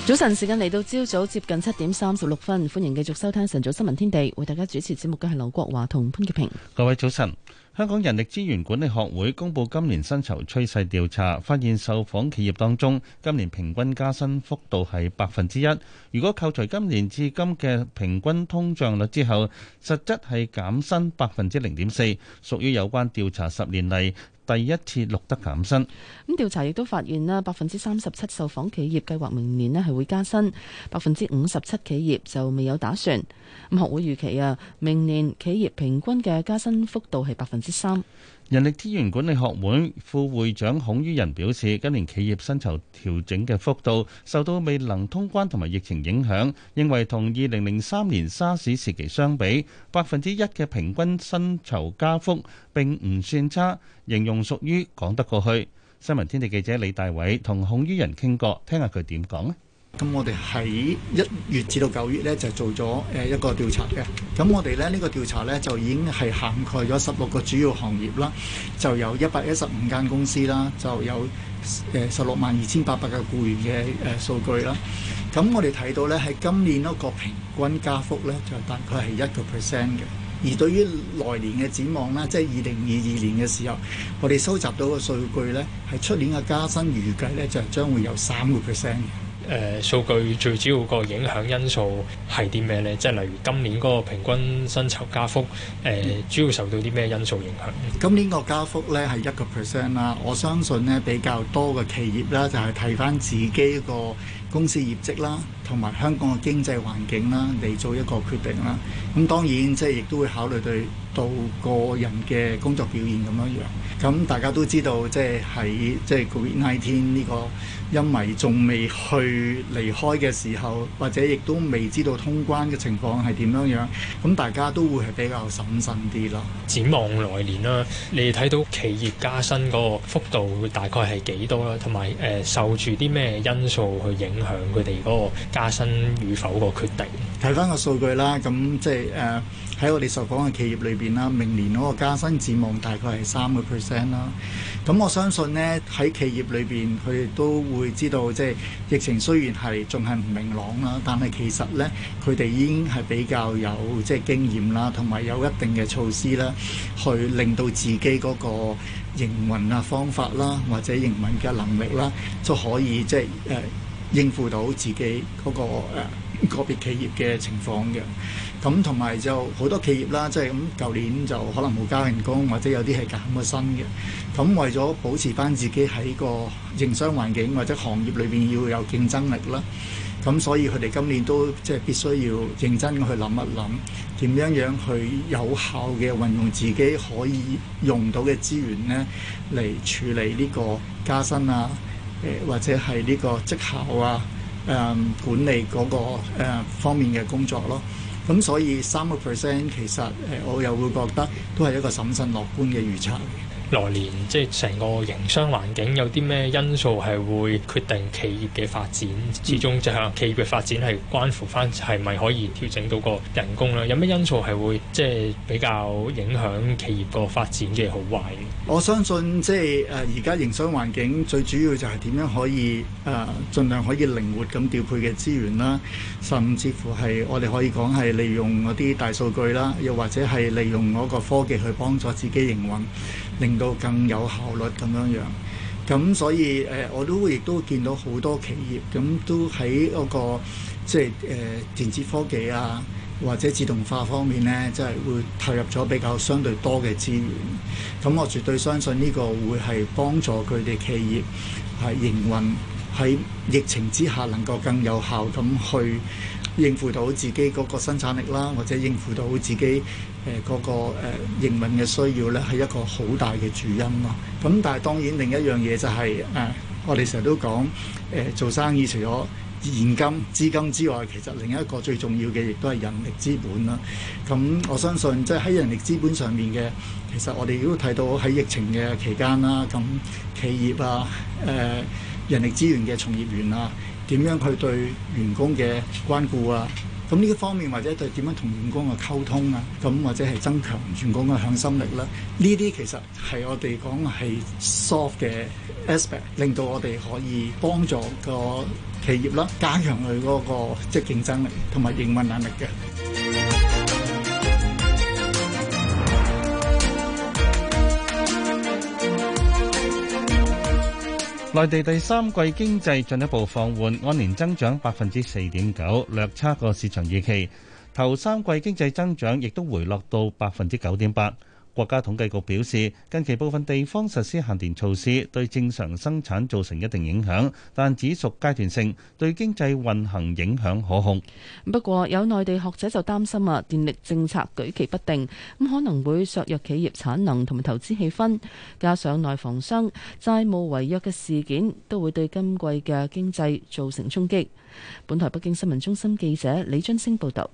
早晨時間早早，時間嚟到朝早接近七點三十六分，歡迎繼續收聽晨早新聞天地，為大家主持節目嘅係劉國華同潘潔平。各位早晨，香港人力資源管理學會公布今年薪酬趨勢調查，發現受訪企業當中，今年平均加薪幅度係百分之一。如果扣除今年至今嘅平均通脹率之後，實質係減薪百分之零點四，屬於有關調查十年嚟。第一次錄得減薪。咁調查亦都發現啦，百分之三十七受訪企業計劃明年呢係會加薪，百分之五十七企業就未有打算。咁學會預期啊，明年企業平均嘅加薪幅度係百分之三。人力資源管理學會副會長孔于仁表示，今年企業薪酬調整嘅幅度受到未能通關同埋疫情影響，認為同二零零三年沙士時期相比，百分之一嘅平均薪酬加幅並唔算差，形容屬於講得過去。新聞天地記者李大偉同孔于仁傾過，聽下佢點講咧。咁我哋喺一月至到九月咧，就做咗誒一個調查嘅。咁我哋咧呢個調查咧，就已經係涵蓋咗十六個主要行業啦，就有一百一十五間公司啦，就有誒十六萬二千八百個雇員嘅誒數據啦。咁我哋睇到咧，喺今年嗰個平均加幅咧，就大概係一個 percent 嘅。而對於來年嘅展望啦，即係二零二二年嘅時候，我哋收集到嘅數據咧，係出年嘅加薪預計咧，就係將會有三個 percent 嘅。誒、呃、數據最主要個影響因素係啲咩呢？即係例如今年嗰個平均薪酬加幅，誒、呃嗯、主要受到啲咩因素影響咧？今年個加幅咧係一個 percent 啦，我相信呢比較多嘅企業啦，就係睇翻自己個公司業績啦。同埋香港嘅經濟環境啦，嚟做一個決定啦。咁當然即係亦都會考慮對到個人嘅工作表現咁樣樣。咁大家都知道，即係喺即係19呢個陰霾仲未去離開嘅時候，或者亦都未知道通關嘅情況係點樣樣。咁大家都會係比較審慎啲咯。展望來年啦，你睇到企業加薪個幅度大概係幾多啦？同埋誒受住啲咩因素去影響佢哋嗰個？加薪與否個決定，睇翻個數據啦。咁即係誒喺我哋所講嘅企業裏邊啦，明年嗰個加薪展望大概係三個 percent 啦。咁我相信咧喺企業裏邊，佢哋都會知道，即係疫情雖然係仲係唔明朗啦，但係其實咧佢哋已經係比較有即係經驗啦，同埋有一定嘅措施啦，去令到自己嗰個營運啊方法啦，或者營運嘅能力啦，都可以即係誒。應付到自己嗰個誒個別企業嘅情況嘅，咁同埋就好多企業啦，即係咁舊年就可能冇加人工，或者有啲係減咗薪嘅。咁為咗保持返自己喺個營商環境或者行業裏邊要有競爭力啦，咁所以佢哋今年都即係必須要認真去諗一諗點樣樣去有效嘅運用自己可以用到嘅資源咧，嚟處理呢個加薪啊。或者係呢個績效啊、誒、嗯、管理嗰、嗰個、呃、方面嘅工作咯，咁所以三個 percent 其實誒、呃、我又會覺得都係一個審慎樂觀嘅預測。來年即係成個營商環境有啲咩因素係會決定企業嘅發展，始終，即係企業嘅發展係關乎返係咪可以調整到個人工啦？有咩因素係會即係比較影響企業個發展嘅好壞？壞，我相信即係誒而家營商環境最主要就係點樣可以誒、啊、盡量可以靈活咁調配嘅資源啦，甚至乎係我哋可以講係利用嗰啲大數據啦，又或者係利用嗰個科技去幫助自己營運。令到更有效率咁樣樣，咁所以誒我都亦都見到好多企業咁都喺嗰個即係誒電子科技啊或者自動化方面咧，即係會投入咗比較相對多嘅資源。咁我絕對相信呢個會係幫助佢哋企業係營運喺疫情之下能夠更有效咁去，應付到自己嗰個生產力啦，或者應付到自己誒嗰個誒營運嘅需要咧，係一個好大嘅主因咯。咁但係當然另一樣嘢就係誒，我哋成日都講誒做生意除咗現金資金之外，其實另一個最重要嘅亦都係人力資本啦。咁我相信即係喺人力資本上面嘅，其實我哋都睇到喺疫情嘅期間啦，咁企業啊誒人力資源嘅從業員啊。點樣去對員工嘅關顧啊？咁呢一方面或者對點樣同員工嘅溝通啊？咁或者係增強員工嘅向心力啦。呢啲其實係我哋講係 soft 嘅 aspect，令到我哋可以幫助個企業啦，加強佢嗰個即競爭力同埋營運能力嘅。內地第三季經濟進一步放緩，按年增長百分之四點九，略差過市場預期。頭三季經濟增長亦都回落到百分之九點八。國家統計局表示，近期部分地方實施限電措施，對正常生產造成一定影響，但只屬階段性，對經濟運行影響可控。不過，有內地學者就擔心啊，電力政策舉棋不定，咁可能會削弱企業產能同埋投資氣氛。加上內房商債務違約嘅事件，都會對今季嘅經濟造成衝擊。本台北京新聞中心記者李津星報道。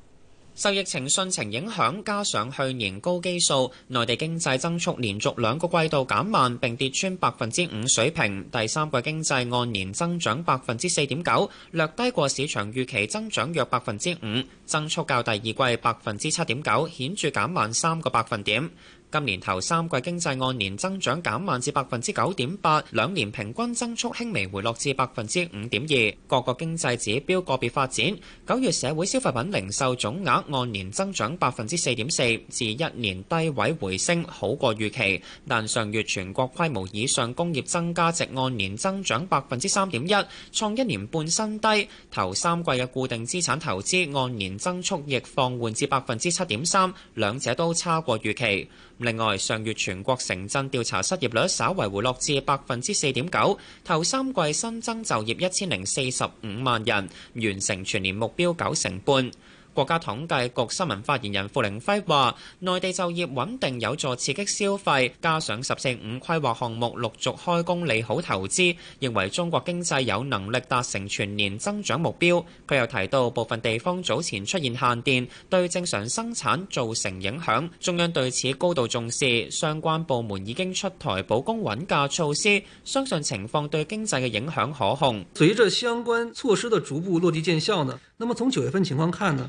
受疫情汛情影響，加上去年高基數，內地經濟增速連續兩個季度減慢，並跌穿百分之五水平。第三季經濟按年增長百分之四點九，略低過市場預期增長約百分之五，增速較第二季百分之七點九顯著減慢三個百分點。今年頭三季經濟按年增長減慢至百分之九點八，兩年平均增速輕微回落至百分之五點二。各個經濟指標個別發展，九月社會消費品零售總額按年增長百分之四點四，至一年低位回升，好過預期。但上月全國規模以上工業增加值按年增長百分之三點一，創一年半新低。頭三季嘅固定資產投資按年增速亦放緩至百分之七點三，兩者都差過預期。另外，上月全國城鎮調查失業率稍為回落至百分之四點九，頭三季新增就業一千零四十五萬人，完成全年目標九成半。國家統計局新聞發言人傅凌輝話：內地就業穩定有助刺激消費，加上十四五規劃項目陸續開工，利好投資。認為中國經濟有能力達成全年增長目標。佢又提到部分地方早前出現限電，對正常生產造成影響。中央對此高度重視，相關部門已經出台保供穩價措施，相信情況對經濟嘅影響可控。隨着相關措施嘅逐步落地見效呢，那麼從九月份情況看呢，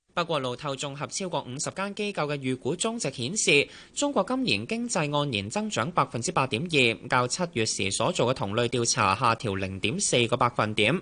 不過，路透綜合超過五十間機構嘅預估中值顯示，中國今年經濟按年增長百分之八點二，較七月時所做嘅同類調查下調零點四個百分點。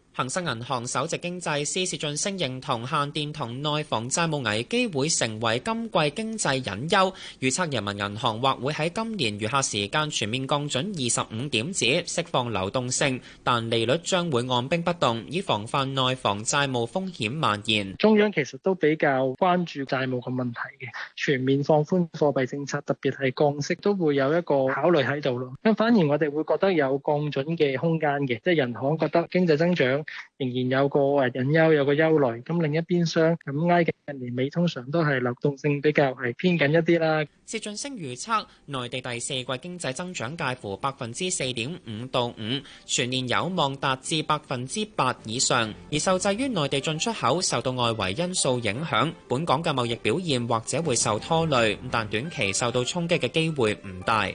恒生銀行首席經濟師施俊升認同限電同內房債務危機會成為今季經濟隱憂。預測人民銀行或會喺今年餘下時間全面降準二十五點子，釋放流動性，但利率將會按兵不動，以防範內房債務風險蔓延。中央其實都比較關注債務嘅問題嘅，全面放寬貨幣政策，特別係降息，都會有一個考慮喺度咯。咁反而我哋會覺得有降準嘅空間嘅，即係銀行覺得經濟增長。仍然有個誒隱憂，有個憂慮。咁另一邊廂咁，I 嘅年尾通常都係流動性比較係偏緊一啲啦。薛俊星預測，內地第四季經濟增長介乎百分之四點五到五，5, 全年有望達至百分之八以上。而受制於內地進出口受到外圍因素影響，本港嘅貿易表現或者會受拖累。但短期受到衝擊嘅機會唔大。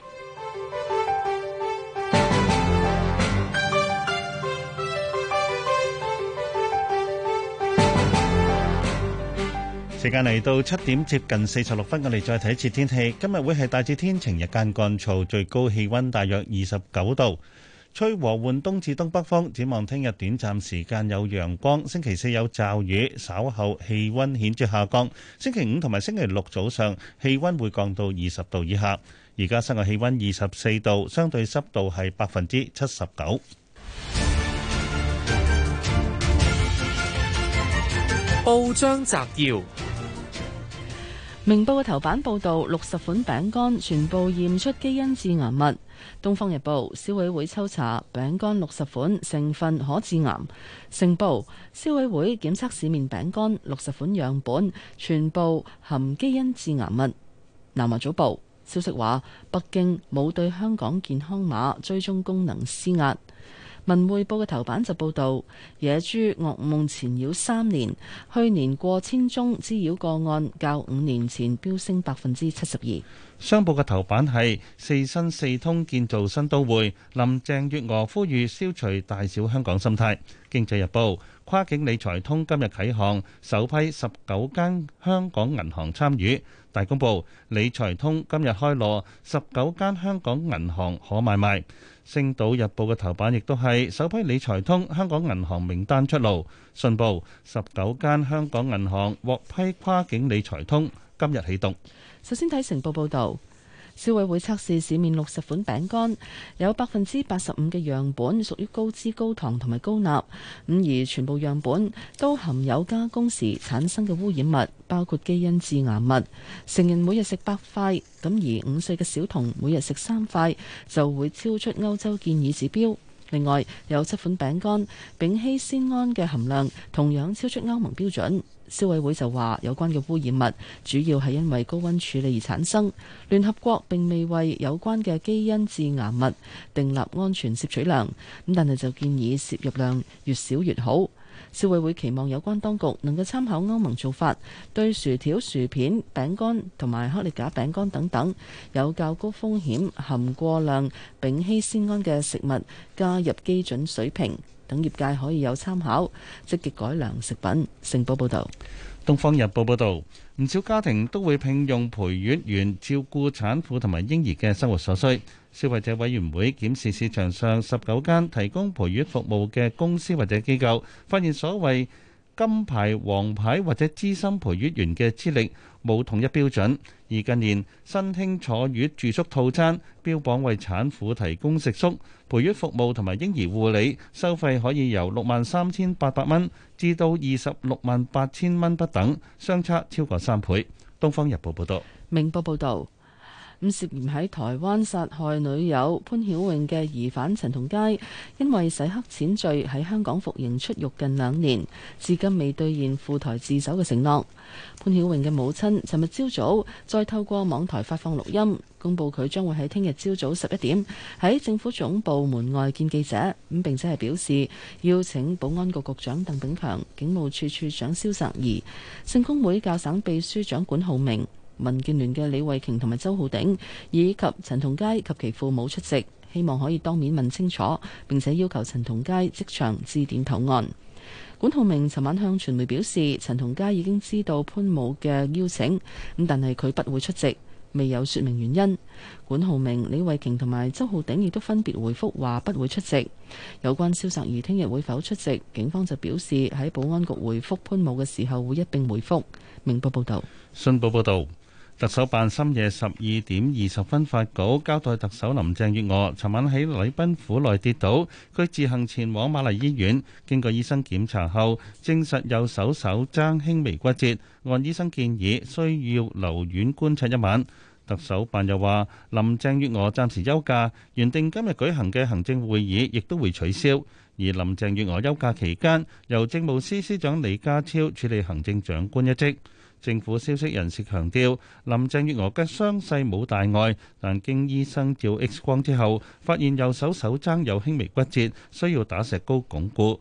時間嚟到七點接近四十六分，我哋再睇一次天氣。今日會係大致天晴，日間乾燥，最高氣溫大約二十九度，吹和緩東至東北風。展望聽日短暫時間有陽光，星期四有驟雨，稍後氣溫顯著下降。星期五同埋星期六早上氣溫會降到二十度以下。而家室外氣溫二十四度，相對濕度係百分之七十九。報章摘要。明報嘅頭版報道，六十款餅乾全部驗出基因致癌物。東方日報，消委會抽查餅乾六十款，成分可致癌。成報，消委會檢測市面餅乾六十款樣本，全部含基因致癌物。南華早報消息話，北京冇對香港健康碼追蹤功能施壓。文匯報嘅頭版就報道野豬噩夢纏繞三年，去年過千宗滋擾個案，較五年前飆升百分之七十二。商報嘅頭版係四新四通建造新都會，林鄭月娥呼籲消除大小香港心態。經濟日報跨境理財通今日啟航，首批十九間香港銀行參與。大公報理財通今日開鑼，十九間香港銀行可買賣。星島日報嘅頭版亦都係首批理財通香港銀行名單出爐，信報十九間香港銀行獲批跨境理財通今日啟動。首先睇成報報道。消委會測試市面六十款餅乾，有百分之八十五嘅樣本屬於高脂、高糖同埋高鈉。咁而全部樣本都含有加工時產生嘅污染物，包括基因致癌物。成人每日食八塊，咁而五歲嘅小童每日食三塊就會超出歐洲建議指標。另外，有七款餅乾丙烯酰胺嘅含量同樣超出歐盟標準。消委會就話，有關嘅污染物主要係因為高溫處理而產生。聯合國並未為有關嘅基因致癌物訂立安全攝取量，咁但係就建議攝入量越少越好。消委會期望有關當局能夠參考歐盟做法，對薯條、薯片、餅乾同埋克力架餅乾等等有較高風險、含過量丙烯酰胺嘅食物加入基準水平。等業界可以有參考，積極改良食品。成報報導，《東方日報》報導，唔少家庭都會聘用陪月員照顧產婦同埋嬰兒嘅生活所需。消費者委員會檢視市場上十九間提供陪月服務嘅公司或者機構，發現所謂金牌、黃牌或者資深培育員嘅資歷冇統一標準，而近年新興坐月住宿套餐標榜為產婦提供食宿、培育服務同埋嬰兒護理，收費可以由六萬三千八百蚊至到二十六萬八千蚊不等，相差超過三倍。《東方日報》報道。《明報》報導。咁涉嫌喺台灣殺害女友潘曉穎嘅疑犯陳同佳，因為洗黑錢罪喺香港服刑出獄近兩年，至今未兌現赴台自首嘅承諾。潘曉穎嘅母親尋日朝早再透過網台發放錄音，公佈佢將會喺聽日朝早十一點喺政府總部門外見記者，咁並且係表示邀請保安局局長鄧炳強、警務處處長蕭澤頤、聖公會教省秘書長管浩明、民建聯嘅李慧瓊同埋周浩鼎以及陳同佳及其父母出席，希望可以當面問清楚，並且要求陳同佳即場致電投案。管浩明尋晚向傳媒表示，陳同佳已經知道潘武嘅邀請，咁但係佢不會出席，未有說明原因。管浩明、李慧瓊同埋周浩鼎亦都分別回復話不會出席。有關蕭澤頤聽日會否出席，警方就表示喺保安局回復潘武嘅時候會一並回復。明報報道，信報報道。特首辦深夜十二點二十分發稿，交代特首林鄭月娥尋晚喺禮賓府內跌倒，佢自行前往瑪麗醫院。經過醫生檢查後，證實右手手踭輕微骨折，按醫生建議需要留院觀察一晚。特首辦又話，林鄭月娥暫時休假，原定今日舉行嘅行政會議亦都會取消。而林鄭月娥休假期間，由政務司司長李家超處理行政長官一職。政府消息人士強調，林鄭月娥嘅傷勢冇大礙，但經醫生照 X 光之後，發現右手手踭有輕微骨折，需要打石膏鞏固，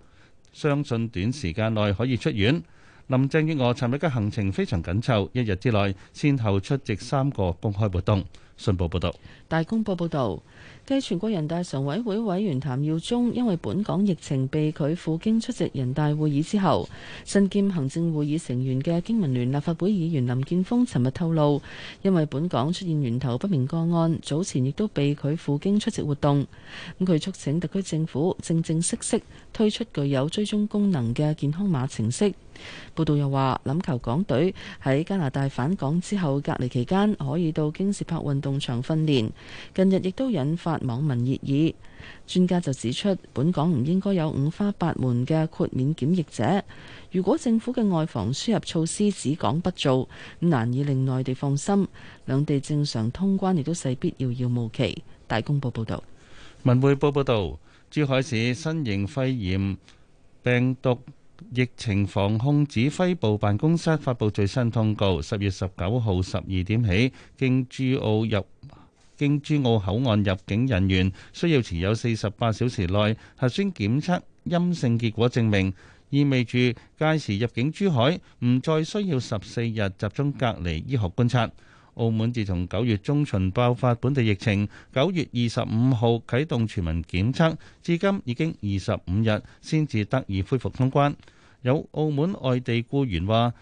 相信短時間內可以出院。林鄭月娥尋日嘅行程非常緊湊，一日之內先後出席三個公開活動。信報報道。大公報報導。繼全國人大常委會委員譚耀宗因為本港疫情被拒赴京出席人大會議之後，身兼行政會議成員嘅經民聯立法會議員林健鋒，尋日透露，因為本港出現源頭不明個案，早前亦都被拒赴京出席活動。咁佢促請特區政府正正式式推出具有追蹤功能嘅健康碼程式。報道又話，諗球港隊喺加拿大返港之後隔離期間，可以到京士柏運動場訓練。近日亦都引發網民熱議。專家就指出，本港唔應該有五花八門嘅豁免檢疫者。如果政府嘅外防輸入措施只講不做，咁難以令內地放心。兩地正常通關亦都勢必遙遙無期。大公報報導，文匯報報導，珠海市新型肺炎病毒疫情防控指揮部辦公室發布最新通告，十月十九號十二點起，經珠澳入經珠澳口岸入境人員需要持有四十八小時內核酸檢測陰性結果證明，意味住屆時入境珠海唔再需要十四日集中隔離醫學觀察。澳門自從九月中旬爆發本地疫情，九月二十五號啟動全民檢測，至今已經二十五日，先至得以恢復通關。有澳門外地雇員話：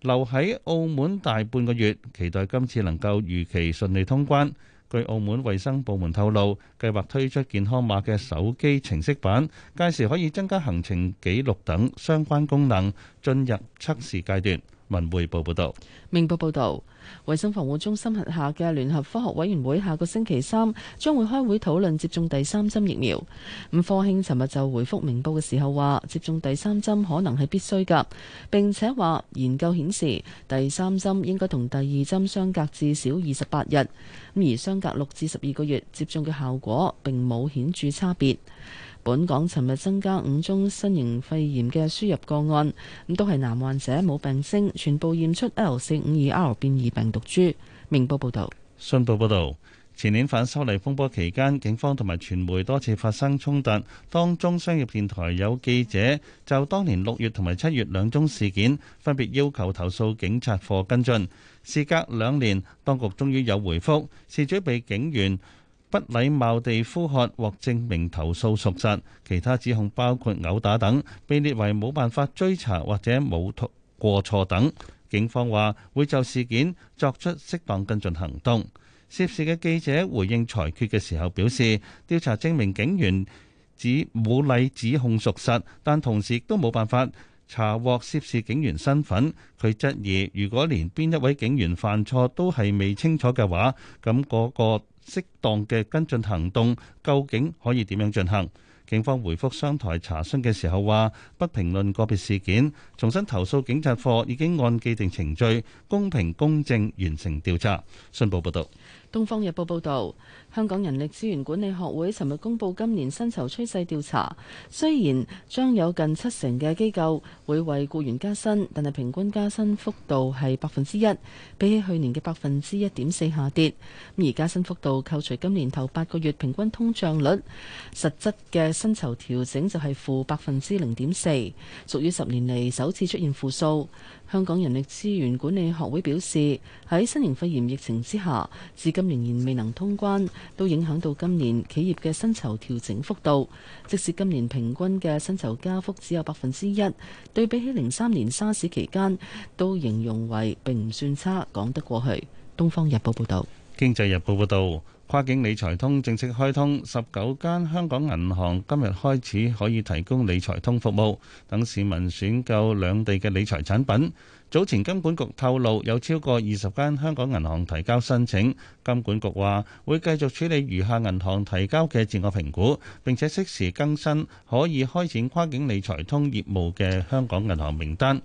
留喺澳門大半個月，期待今次能夠如期順利通關。據澳門衛生部門透露，計劃推出健康碼嘅手機程式版，屆時可以增加行程記錄等相關功能，進入測試階段。文匯報報道，明報報道，衛生防護中心轄下嘅聯合科學委員會下個星期三將會開會討論接種第三針疫苗。咁科興尋日就回覆明報嘅時候話，接種第三針可能係必須噶，並且話研究顯示第三針應該同第二針相隔至少二十八日，咁而相隔六至十二個月接種嘅效果並冇顯著差別。本港尋日增加五宗新型肺炎嘅輸入個案，咁都係男患者冇病徵，全部驗出 L 四五二 R 變異病毒株。明報報道。信報報導，前年反修例風波期間，警方同埋傳媒多次發生衝突，當中商業電台有記者就當年六月同埋七月兩宗事件，分別要求投訴警察課跟進。事隔兩年，當局終於有回覆，事主被警員不禮貌地呼喝或證明投訴屬實，其他指控包括毆打等，被列為冇辦法追查或者冇過錯等。警方話會就事件作出適當跟進行動。涉事嘅記者回應裁決嘅時候表示，調查證明警員指冇禮指控屬實，但同時亦都冇辦法查獲涉事警員身份。佢質疑，如果連邊一位警員犯錯都係未清楚嘅話，咁、那個個。適當嘅跟進行動究竟可以點樣進行？警方回覆商台查詢嘅時候話：不評論個別事件，重新投訴警察課已經按既定程序公平公正完成調查。信報報道，東方日報報道。香港人力資源管理學會尋日公布今年薪酬趨勢調查，雖然將有近七成嘅機構會為僱員加薪，但係平均加薪幅度係百分之一，比起去年嘅百分之一點四下跌。而加薪幅度扣除今年頭八個月平均通脹率，實質嘅薪酬調整就係負百分之零點四，屬於十年嚟首次出現負數。香港人力資源管理學會表示，喺新型肺炎疫情之下，至今仍然未能通關，都影響到今年企業嘅薪酬調整幅度，即使今年平均嘅薪酬加幅只有百分之一，對比起零三年沙士期間，都形容為並唔算差，講得過去。《東方日報》報道。《經濟日報》報道，跨境理財通正式開通，十九間香港銀行今日開始可以提供理財通服務，等市民選購兩地嘅理財產品。早前，金管局透露有超過二十間香港銀行提交申請，金管局話會繼續處理餘下銀行提交嘅自我評估，並且適時更新可以開展跨境理財通業務嘅香港銀行名單。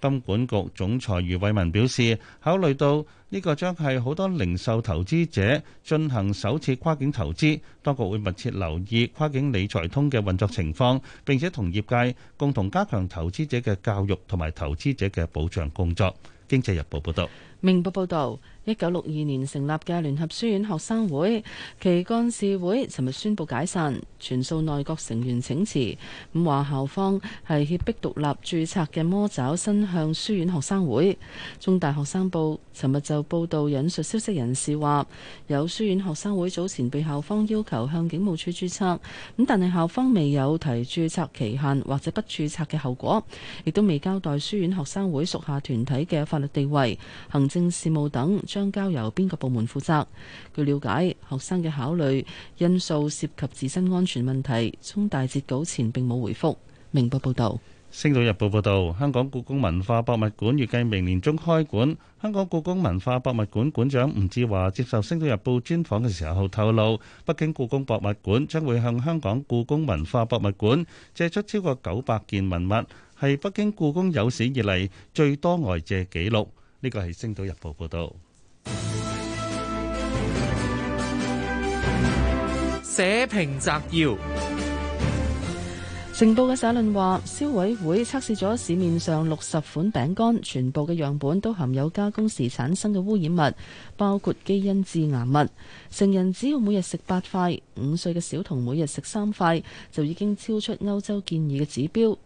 金管局總裁余偉文表示，考慮到呢個將係好多零售投資者進行首次跨境投資，當局會密切留意跨境理財通嘅運作情況，並且同業界共同加強投資者嘅教育同埋投資者嘅保障工作。經濟日報報道。明報報導，一九六二年成立嘅聯合書院學生會，其幹事會尋日宣布解散，全數內閣成員請辭。咁話校方係脅迫獨立註冊嘅魔爪伸向書院學生會。中大學生報尋日就報導引述消息人士話，有書院學生會早前被校方要求向警務處註冊，咁但係校方未有提註冊期限或者不註冊嘅後果，亦都未交代書院學生會屬下團體嘅法律地位。行政事務等將交由邊個部門負責？據了解，學生嘅考慮因素涉及自身安全問題。中大截稿前並冇回覆明報報導。《星島日報》報導，香港故宮文化博物館預計明年中開館。香港故宮文化博物館館長吳志華接受《星島日報》專訪嘅時候透露，北京故宮博物館將會向香港故宮文化博物館借出超過九百件文物，係北京故宮有史以嚟最多外借紀錄。呢個係《星島日報》報道，社評摘要。成報嘅社論話，消委會測試咗市面上六十款餅乾，全部嘅樣本都含有加工時產生嘅污染物，包括基因致癌物。成人只要每日食八塊，五歲嘅小童每日食三塊，就已經超出歐洲建議嘅指標。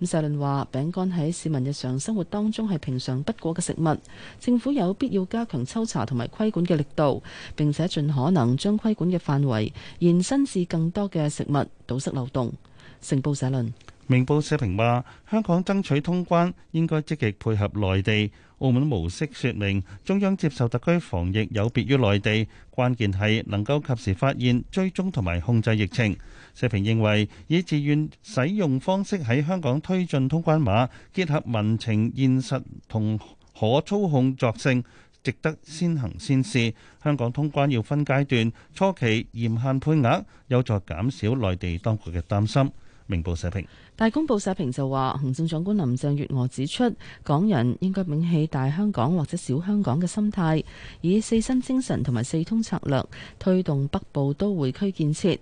咁社論話，餅乾喺市民日常生活當中係平常不過嘅食物，政府有必要加強抽查同埋規管嘅力度，並且盡可能將規管嘅範圍延伸至更多嘅食物，堵塞漏洞。成報社論。明報社評話：香港爭取通關應該積極配合內地、澳門模式，說明中央接受特區防疫有別於內地，關鍵係能夠及時發現、追蹤同埋控制疫情。社評認為，以自願使用方式喺香港推進通關碼，結合民情現實同可操控作性，值得先行先試。香港通關要分階段，初期嚴限配額，有助減少內地當局嘅擔心。明報社評。大公報社評就話，行政長官林鄭月娥指出，港人應該摒棄大香港或者小香港嘅心態，以四新精神同埋四通策略推動北部都會區建設。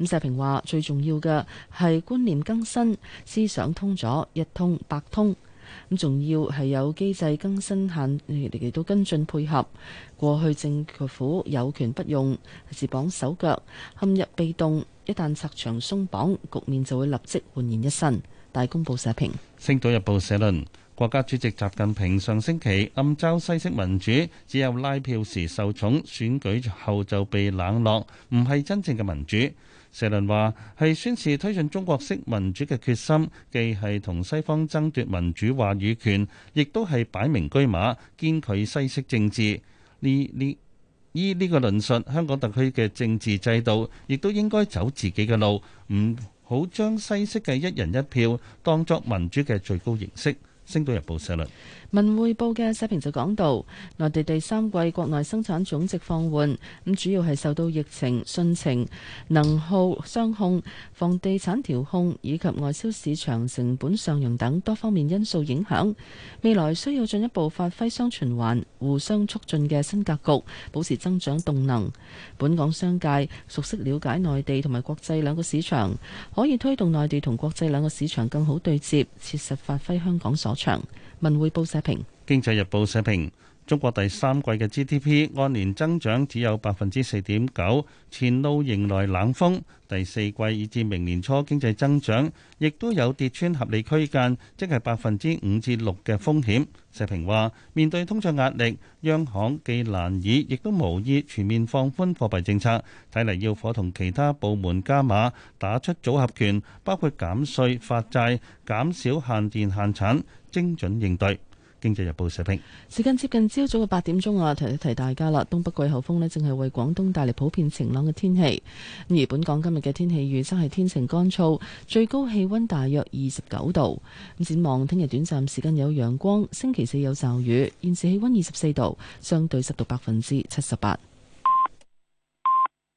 咁社評話，最重要嘅係觀念更新，思想通咗一通百通。咁仲要係有機制更新，限你哋都跟進配合。過去政府有權不用，自綁手腳，陷入被動。一旦拆牆鬆綁，局面就會立即煥然一新。大公報社評，《星島日報》社論：國家主席習近平上星期暗嘲西式民主只有拉票時受寵，選舉後就被冷落，唔係真正嘅民主。社論話：係宣示推進中國式民主嘅決心，既係同西方爭奪民主話語權，亦都係擺明車馬，堅拒西式政治。呢呢。依呢個論述，香港特區嘅政治制度亦都應該走自己嘅路，唔好將西式嘅一人一票當作民主嘅最高形式。《星島日報》社論。文匯報嘅社評就講到，內地第三季國內生產總值放緩，咁主要係受到疫情、汛情、能耗雙控、房地產調控以及外銷市場成本上揚等多方面因素影響。未來需要進一步發揮雙循環互相促進嘅新格局，保持增長動能。本港商界熟悉了解內地同埋國際兩個市場，可以推動內地同國際兩個市場更好對接，切實發揮香港所長。文匯報社評，《經濟日報》社評：中國第三季嘅 GDP 按年增長只有百分之四點九，前路迎來冷風。第四季以至明年初，經濟增長亦都有跌穿合理區間，即係百分之五至六嘅風險。社評話，面對通脹壓力，央行既難以亦都無意全面放寬貨幣政策，睇嚟要夥同其他部門加碼，打出組合拳，包括減稅、發債、減少限電限產。精準應對，經濟日報社評。時間接近朝早嘅八點鐘啊，提一提大家啦，東北季候風咧，正係為廣東帶嚟普遍晴朗嘅天氣，而本港今日嘅天氣預測係天晴乾燥，最高氣溫大約二十九度。展望聽日短暫時間有陽光，星期四有驟雨。現時氣溫二十四度，相對濕度百分之七十八。